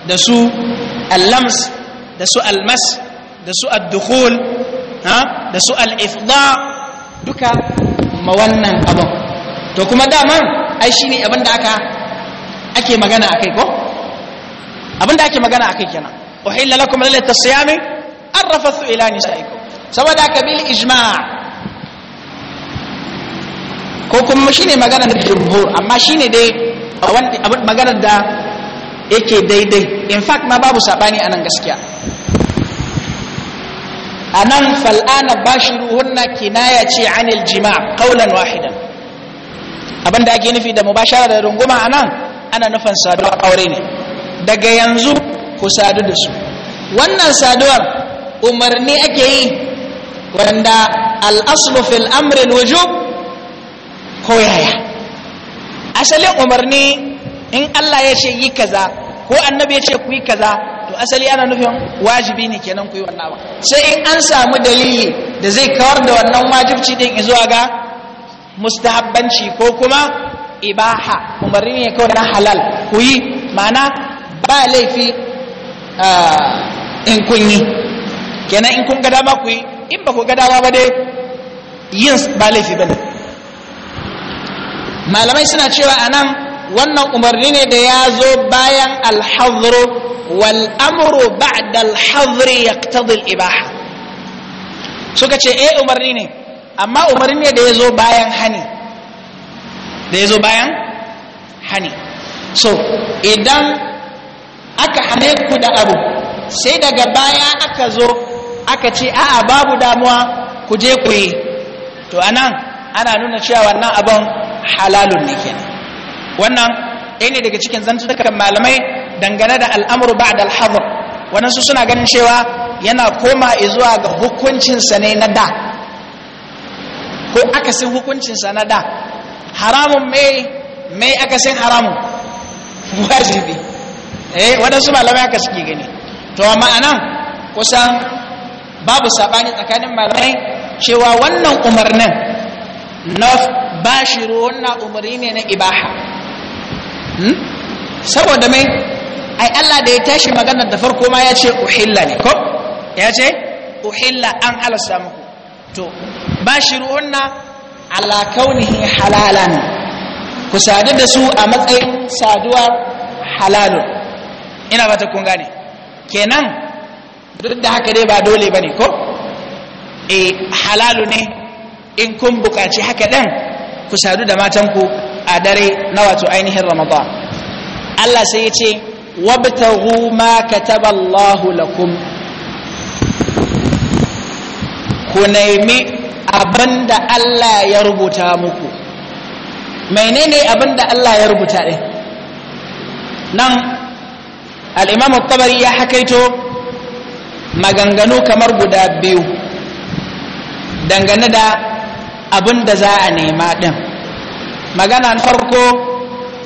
da su lams da su almas da su addukhul da su al'ifda duka ma wannan abin to kuma daman ai shi ne abinda aka ake magana a kai ko abinda ake magana a kai kenan uhilla lakum lailatul siyami arrafathu ila nisaikum saboda kabil ijma' ko kuma shine magana da jumhur amma shine dai maganar da yake daidai in fact ma babu sabani a nan gaskiya a nan fal'ana bashiruhunna kinaya ce anil jima qawlan wahidan abin da ake nufi da mubashara da runguma a nan ana nufin saduwar aure ne daga yanzu ku sadu da su wannan saduwar umarni ake yi wanda al'aslu fil amrin wujub ko yaya asali umarni in Allah ya ce yi kaza ko annabi ya ce ku yi kaza to asali ana nufin wajibi ne kenan ku yi wannan ba sai in an samu dalili da zai kawar da wannan wajibci din zuwa ga mustahabbanci ko kuma ibaha umarni ne kawai na halal ku yi ma'ana ba laifi in kun yi kenan in kun ga dama ku yi in ba ku ga ba dai yin ba laifi ba ne malamai suna cewa anan wannan umarni ne da ya zo bayan alhazru wal amru ba'da alhazri yaqtadi al-ibaha suka ce eh umarni ne amma umarni ne da ya zo bayan hani da ya zo bayan hani so idan aka hane ku da abu sai daga baya aka zo aka ce a'a babu damuwa ku je ku yi to anan ana nuna cewa wannan abin halalun ne kenan wannan ɗaya ne daga cikin zantukan malamai dangane da al'amuru ba da alhazur waɗansu suna ganin cewa yana koma zuwa ga hukuncinsa ne na da ko akasin hukuncinsa na da haramun mai mai akasin haramun wajibi eh waɗansu malamai aka suke gani to ma'anan kusan babu saɓani tsakanin malamai cewa wannan umarnin na bashiru wannan umarni ne na ibaha hmm? saboda mai ai Allah da ya tashi magana da farko ma ya ce uhilla ne ko ya ce uhilla an halasta muku to bashiru wannan ala kaunihi halalan ku sadu da su a matsayin saduwa halalun ina ba ta kun gane kenan duk da haka dai ba dole bane ko Eh halalu ne in kun bukaci haka dan. ku sadu da matanku a dare na wato ainihin ramadan Allah sai ya ce wabtaghu ma kataba Allahu lakum ku naimi abinda Allah ya rubuta muku menene abinda Allah ya rubuta din nan al-Imam at-Tabari ya hakaito maganganu kamar guda biyu dangane da abin da za a nema ɗin maganan farko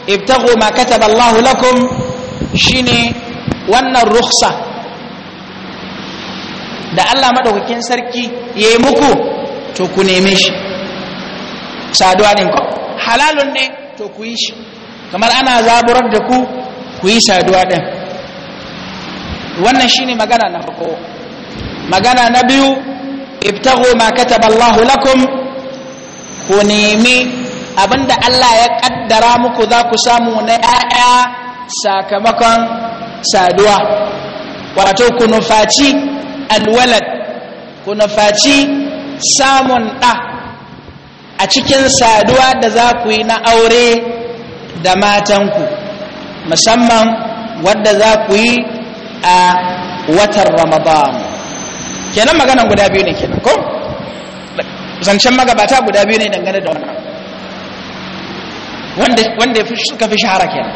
ibtago ma kataba Allahu lakum shine wannan rukhsa da Allah madaukakin sarki yayi muku to ku neme shi saduwa ne ko halalun ne to ku yi shi kamar ana zaburar da ku ku yi saduwa ɗin wannan shine magana na farko magana na biyu ibtago ma kataba Allahu lakum ku nemi abinda Allah ya kaddara muku za ku samu na ‘ya'ya sakamakon saduwa wato ku nufaci alwalad ku nufaci samun ɗa a cikin saduwa da za ku yi na aure da matanku musamman wadda za ku yi a watan ramadan kenan maganan guda biyu ne kenan ko? zancen magabata guda biyu ne dangane da wannan wanda suka fi shahara kenan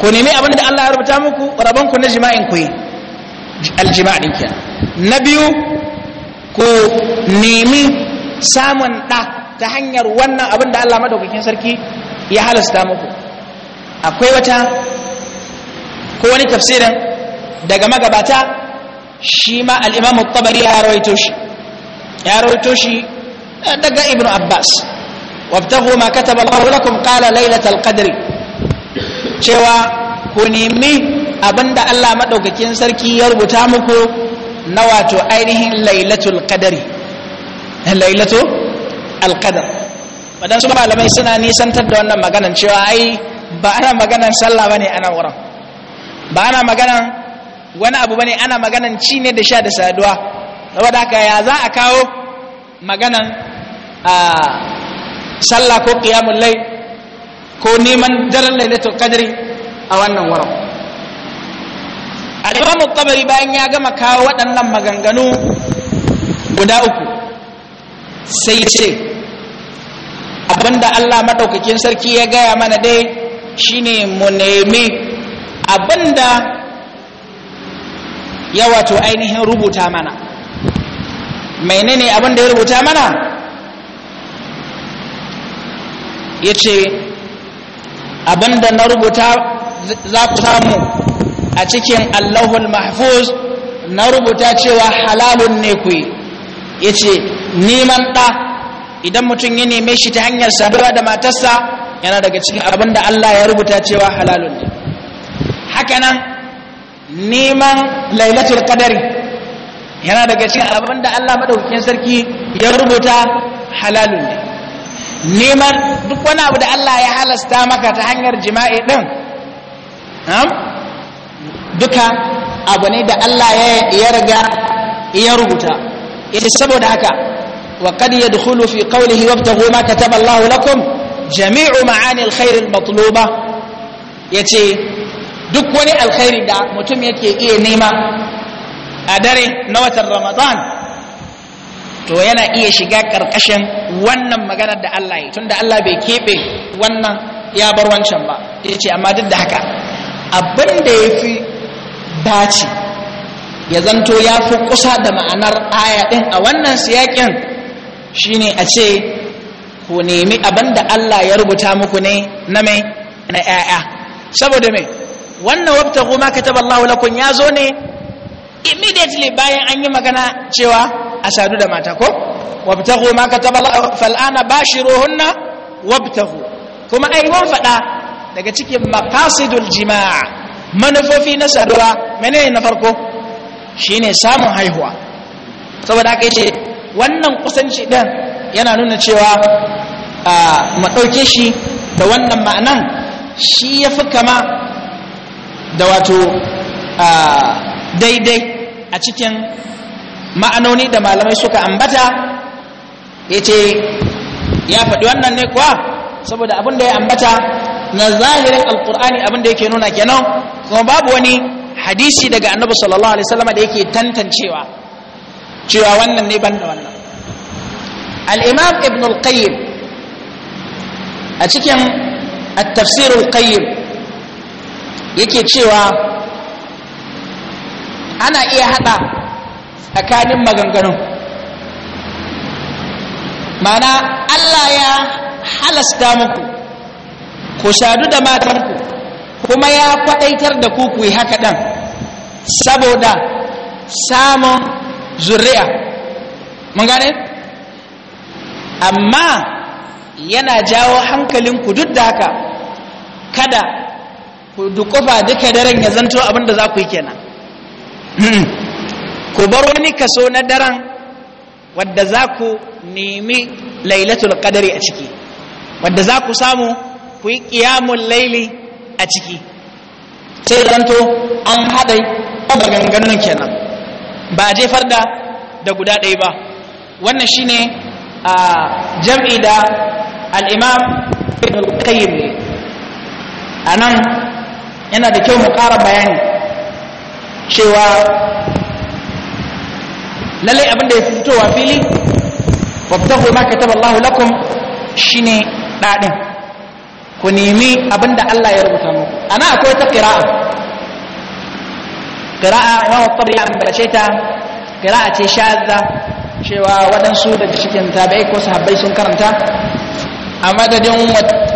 ku nemi abin da Allah ya rubuta muku rabonku na jima'in ku yi aljima'a ɗin kenan na biyu ku nemi samun ɗa ta hanyar wannan abin da Allah madaukakin sarki ya halasta muku akwai wata ko wani tafsirin daga magabata shi ma al'imamu tabari ya rawaito shi ya rawaito shi daga ibn abbas wabtahu ma kataba Allah lakum qala lailatul qadr cewa ku nemi abinda Allah madaukakin sarki ya rubuta muku na wato ainihin lailatul qadri lailatul alqadar wadansu malamai suna nisantar da wannan maganan cewa ai ba ana maganan sallah bane ana wurin ba ana maganan wani abu bane ana maganan ci ne da sha da saduwa saboda haka ya za a kawo maganan a sallah ko qiyamul layl ko neman daren lailatul qadri a wannan wurin al-imam tabari bayan ya gama kawo waɗannan maganganu guda uku sai ce abinda Allah madaukakin sarki ya gaya mana dai shine mu nemi abinda ya wato ainihin rubuta mana menene abin da ya rubuta mana ya ce abin da na rubuta za ku samu a cikin allahul mahfuz na rubuta cewa halalun ne ku ya ce neman ɗa idan mutum ya neme shi ta hanyar saduwa da matarsa yana daga cikin abin da allah ya rubuta cewa halalun ne hakanan neman lailatul qadari yana daga cikin abin da Allah madaukakin sarki ya rubuta halalun ne neman duk wani abu da Allah ya halasta maka ta hanyar jima'i din duka abu ne da Allah ya riga ya rubuta yace saboda haka wa qad yadkhulu fi qawlihi wabtaghu ma kataba Allah lakum jami'u ma'ani alkhair almatluba yace duk wani alkhairi da mutum yake iya nema a dare na watan ramadan to yana iya shiga karkashin wannan maganar da Allah yi tunda Allah bai keɓe wannan ya bar wancan ba ya ce amma duk da haka abin da ya fi dace ya zanto ya fi kusa da ma'anar aya ɗin a wannan siyakin shine a ce ku nemi abin da Allah ya rubuta muku ne na mai na 'ya'ya saboda mai wannan wabtagu ma kataba Allah lakum ya zo ne immediately bayan an yi magana cewa a sadu da mata ko wabtahu ma kataba fal'ana bashiruhunna wabtahu kuma ai mun faɗa daga cikin maqasidul jima'a manufofi na saduwa menene na farko shine samun haihuwa saboda kai ce wannan kusanci din yana nuna cewa mu dauke shi da wannan ma'anan shi yafi kama da wato daidai a cikin ma'anoni da malamai suka ambata ya ce ya faɗi wannan ne kuwa saboda abin da ya ambata na zahirin alkur'ani abin da yake nuna kenan kuma babu wani hadisi daga annabi sallallahu alaihi wasallam da yake tantancewa cewa wannan ne banda wannan al'imam ibn al-qayyim a cikin at-tafsir al-qayyim yake cewa ana iya haɗa tsakanin maganganu, mana Allah ya halasta muku ku sadu da ku kuma ya faɗaitar da ku ku yi haka ɗan saboda samun zuri'a mun gane amma yana jawo hankalinku duk da haka kada ku dukufa duka daren ya zanto abinda za ku yi kenan ku bar wani kaso na daren wadda za ku nemi lailatul qadari a ciki wadda za ku samu ku yi ƙiyamun laili a ciki sai zanto an haɗa maganganun kenan ba a jefar da da guda ɗaya ba wannan shine a jam'i da al'imam ibn al-qayyim ne a nan yana da kyau mu ƙara bayani cewa lallai abin da ya fi fitowa fili wabtahu ma kataba Allahu lakum shine dadin ku nemi abin da Allah ya rubuta muku ana akwai ta qira'a qira'a wa tabi'a an balace qira'a ce shadda cewa waɗansu daga cikin tabi'ai ko sahabbai sun karanta a madadin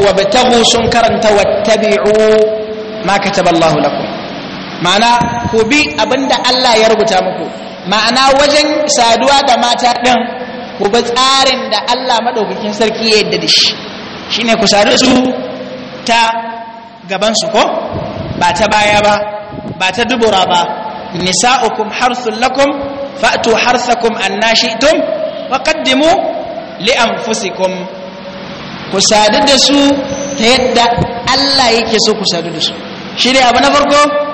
wabtahu sun karanta tabi'u ma kataba Allahu lakum ma'ana ku bi abinda Allah ya rubuta muku ma'ana wajen saduwa da mata ɗin ku tsarin da Allah maɗaukakin sarki ya yadda da shi shine ku sadu su ta gabansu ko ba ta baya ba ba ta dubura ba nisa'ukum harsun lakum fa'tu harsakum annashitum wa kaddimu li anfusikum ku sadu da su ta yadda Allah yake so ku sadu da su shi ne abu na farko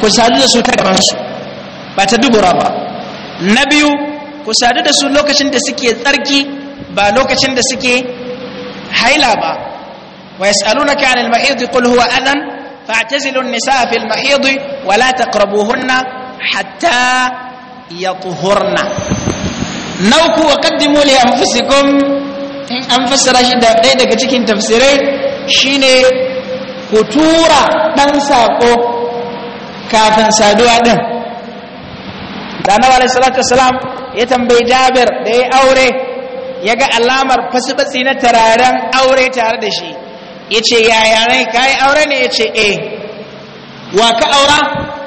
ku sadu da su ta gabansu ba ta dubura ba na biyu ku sadu da su lokacin da suke tsarki ba lokacin da suke haila ba wa yas'alunaka 'anil mahidi qul huwa adan fa'tazilu an-nisaa fil mahidi wa la taqrabuhunna hatta yatuhurna na uku wa qaddimu li anfusikum in an fassara shi da ɗaya daga cikin tafsirai shine ku tura ɗan saƙo kafin saduwa ɗin da na alaihi salatu salam ya tambayi jabir da ya aure ya ga alamar fasibatsi na tararen aure tare da shi ya ce yaya ne ka yi aure ne ya ce eh wa ka aura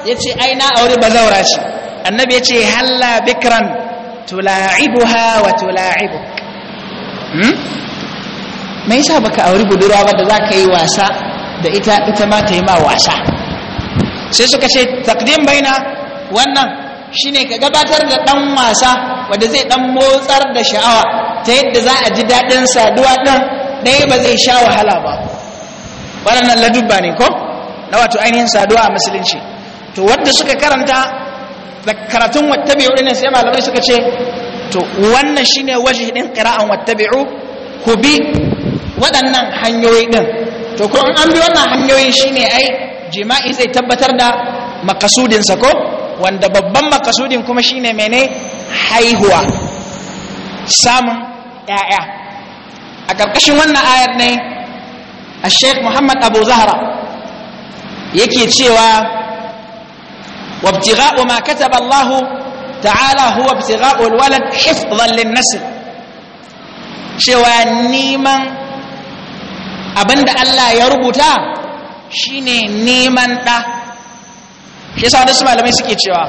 ya ce ai na aure ba zaura shi annabi ya ce halla bikran tula'ibuha wa tula'ibu hmm? me yasa baka auri budurwa ba da za ka yi wasa da ita ita ma ta yi ma wasa sai suka ce takdim baina wannan shine ka gabatar da dan wasa wanda zai dan motsar da sha'awa ta yadda za a ji daɗin saduwa ɗin dai ba zai sha wahala ba Wannan ladubba ne ko na wato ainihin saduwa a musulunci to wadda suka karanta da karatun wattabi'u ɗin sai malamai suka ce to wannan shine waje din qira'an wattabi'u ku bi waɗannan hanyoyi din to ko an bi wannan hanyoyin shine ai jima'i zai tabbatar da makasudinsa ko wanda babban makasudin kuma shine mene haihuwa samun ƴaƴa a ƙarƙashin wannan ayar ne a sheikh muhammad abu zahra yake cewa wabtiga'u ma kataba allahu ta'ala huwa ibtigha'ul walad hifdhan lin-nasl cewa niman abinda Allah ya rubuta shine neman ɗa shi sa wadansu malamai suke cewa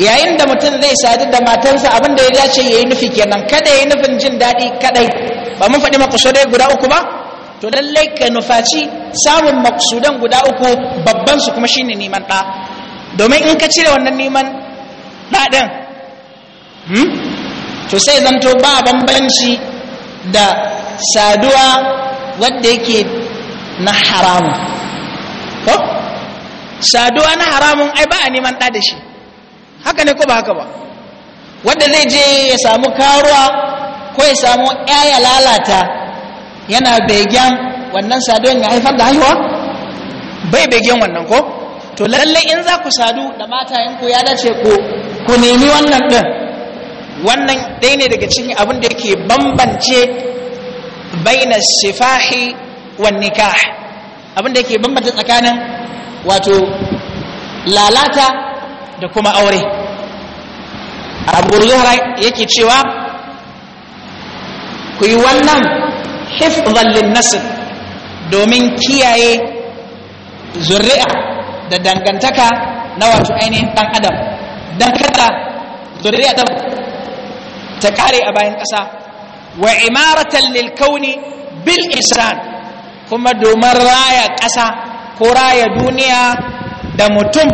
yayin da mutum zai sadu da matansa abinda ya dace ya yi nufi kenan kada ya yi nufin jin daɗi kaɗai ba mun faɗi makusudai guda uku ba to lallai ka nufaci samun makusudan guda uku babban su kuma shine neman ɗa domin in ka cire wannan neman ɗaɗin hmm, to sai zanto ba bambanci da saduwa wanda yake na haramun ko saduwa na haramun ai ba a neman ɗa da shi haka ne ko ba haka ba wanda zai je ya samu karuwa ko ya samu ya lalata yana begen wannan saduwan ya haifar da haihuwa bai begen wannan ko to lallai in za ku sadu da matayenku ya dace ku ku nemi wannan ɗin wannan ɗaya ne daga cikin abin da yake bambance baina sifahi wan nikah abinda yake bambanta tsakanin wato lalata da kuma aure abu zuhra yake cewa ku yi wannan hifzan lin domin kiyaye zuri'a da dangantaka na wato ainihin dan adam dan kada zuri'a ta kare a bayan ƙasa wa imaratan lil kauni bil kuma domin raya ƙasa ko raya duniya da mutum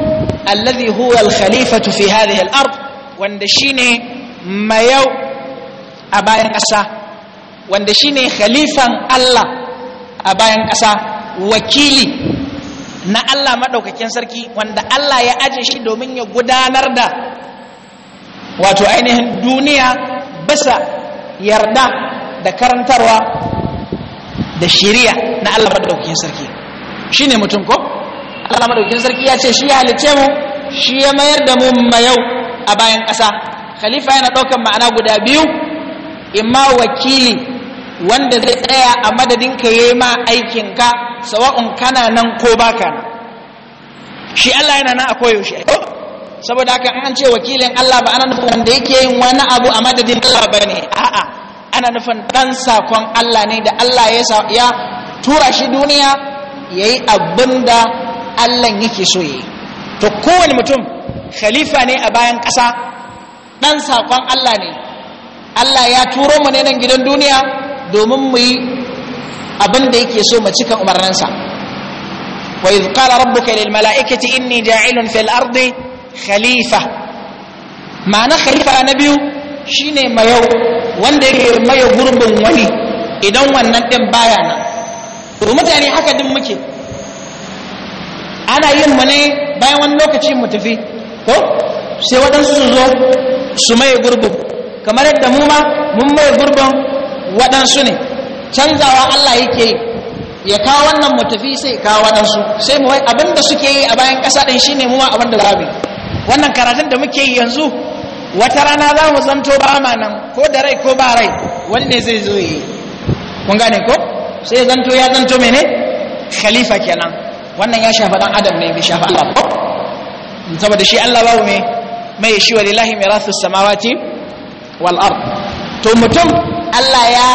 allazi huwa al khalifatu fi hadhihi al ard wanda shine mayau a bayan ƙasa wanda shine khalifan Allah a bayan ƙasa wakili na Allah maɗaukakin sarki wanda Allah ya aje shi domin ya gudanar da wato ainihin duniya basa yarda da karantarwa da shiriya na Allah madaukakin sarki shine mutum ko Allah madaukakin sarki ya ce shi ya halice mu shi ya mayar da mu mayau a bayan ƙasa khalifa yana ɗaukan ma'ana guda biyu imma wakili wanda zai tsaya a madadin ka yayi ma aikin ka sawa'un kana nan ko baka nan shi Allah yana nan a koyaushe saboda haka an ce wakilin Allah ba ana nufin wanda yake yin wani abu a madadin Allah ba ne a'a ana nufin dan sakon Allah ne da Allah ya tura shi duniya ya yi abin da Allah yake so yi to kowane mutum khalifa ne a bayan ƙasa dan sakon Allah ne Allah ya turo mu ne nan gidan duniya domin mu yi abin da yake so mu cika umarninsa wa idh qala rabbuka lil mala'ikati inni ja'ilun fil ardi khalifa ma'ana khalifa na biyu shine mayau wanda yake maye gurbin wani idan wannan din baya nan to mutane haka din muke ana yin mu ne bayan wani lokaci mu tafi ko sai waɗansu su zo su maye gurbin kamar yadda mu ma mun maye gurbin waɗansu ne canzawa Allah yake yi ya kawo wannan mu tafi sai kawo waɗansu sai mu wai abinda suke yi a bayan ƙasa ɗin shine mu ma abinda za wannan karatun da muke yi yanzu wata rana za mu zanto ba ma nan ko da rai ko ba rai wani ne zai zo yi kun gane ko sai zanto ya zanto mene khalifa kenan wannan ya shafa dan adam ne bai shafa Allah ba saboda shi Allah babu me mai shi wa lillahi mirasu samawati wal ard to mutum Allah ya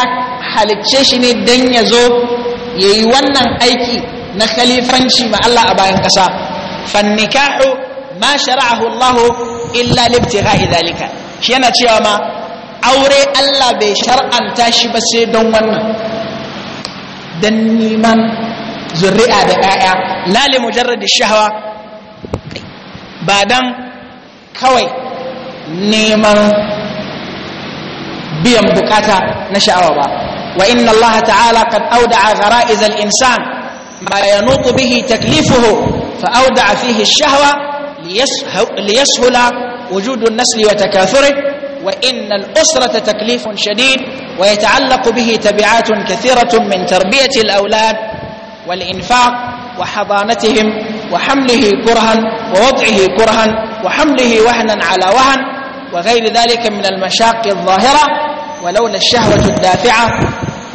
halicce shi ne dan ya zo yayi wannan aiki na khalifanci ma Allah a bayan kasa fannikahu ma shara'ahu Allah illa libtigha'i zalika shi yana cewa ma aure Allah bai shar'anta shi ba sai don wannan dan niman zuri'a da ƴaƴa la li mujarradi shahwa ba dan kawai neman biyan bukata na sha'awa ba wa inna Allah ta'ala qad awda'a ghara'iz al-insan ma yanuqu bihi taklifuhu fa awda'a fihi ash-shahwa ليسهل وجود النسل وتكاثره وإن الأسرة تكليف شديد ويتعلق به تبعات كثيرة من تربية الأولاد والإنفاق وحضانتهم وحمله كرها ووضعه كرها وحمله وهنا على وهن وغير ذلك من المشاق الظاهرة ولولا الشهوة الدافعة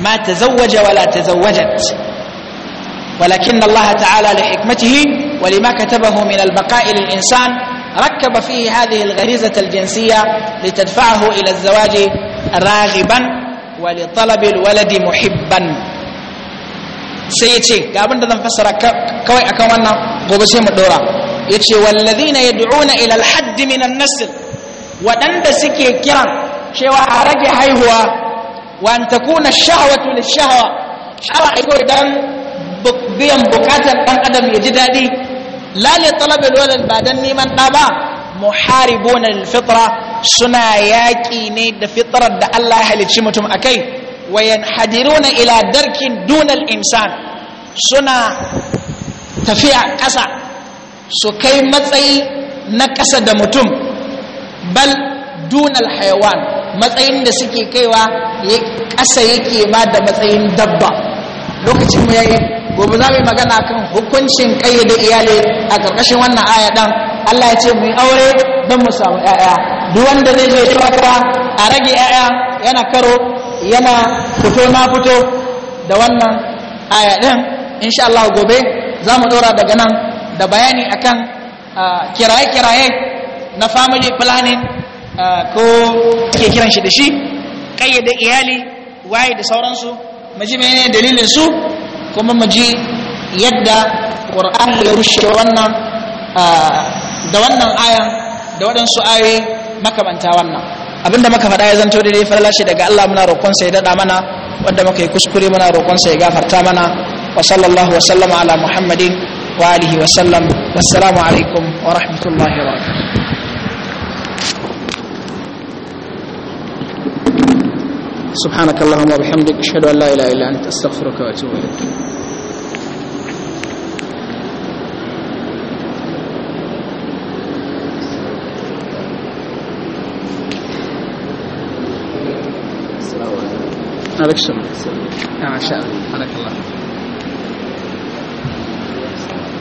ما تزوج ولا تزوجت ولكن الله تعالى لحكمته ولما كتبه من البقاء للإنسان ركب فيه هذه الغريزة الجنسية لتدفعه إلى الزواج راغبا ولطلب الولد محبا سيتي قابل دم فسر كوي أكوانا قبسي مدورا يتي والذين يدعون إلى الحد من النسل ودند سكي كرم شيوا هرجي هاي هو وأن تكون الشهوة للشهوة شهوة يقول biyan bukatar ɗan adam ya ji daɗi lale talabar walal ba don neman ɗa ba muharibun alfitra suna yaƙi ne da fitrar da Allah halicci mutum a kai wayan hadiruna ila darkin dunal insan suna tafiya ƙasa su kai matsayi na ƙasa da mutum bal dunal hayawan matsayin da suke kaiwa ƙasa yake ma da matsayin dabba lokacin mu yayi gobe za mu yi magana kan hukuncin kayyade iyali a ƙarƙashin wannan aya ɗan Allah ya ce mu yi aure don mu samu ‘ya'ya duk wanda zai je shawara a rage ‘ya'ya yana karo yana fito na fito da wannan aya ɗin insha Allah gobe za mu ɗora daga nan da bayani akan kiraye-kiraye na family planning ko ke kiran shi da shi kayyade iyali waye da sauransu mu ji menene dalilin su kuma mu ji yadda ƙur'ani ya rushe wannan da wannan ayan da waɗansu ayoyi makamanta wannan abinda muka faɗa ya zanto daidai falashi daga Allah muna roƙonsa ya daɗa mana wanda muka yi kuskure muna roƙonsa ya gafarta mana wa sallallahu wa sallama ala muhammadin wa alihi wa sallam wassalamu alaikum wa rahmatullahi wa barakatuh سبحانك اللهم وبحمدك أشهد أن لا إله إلا أنت أستغفرك وأتوب إليك هذاك الشغل نعم ان شاء الله حياك الله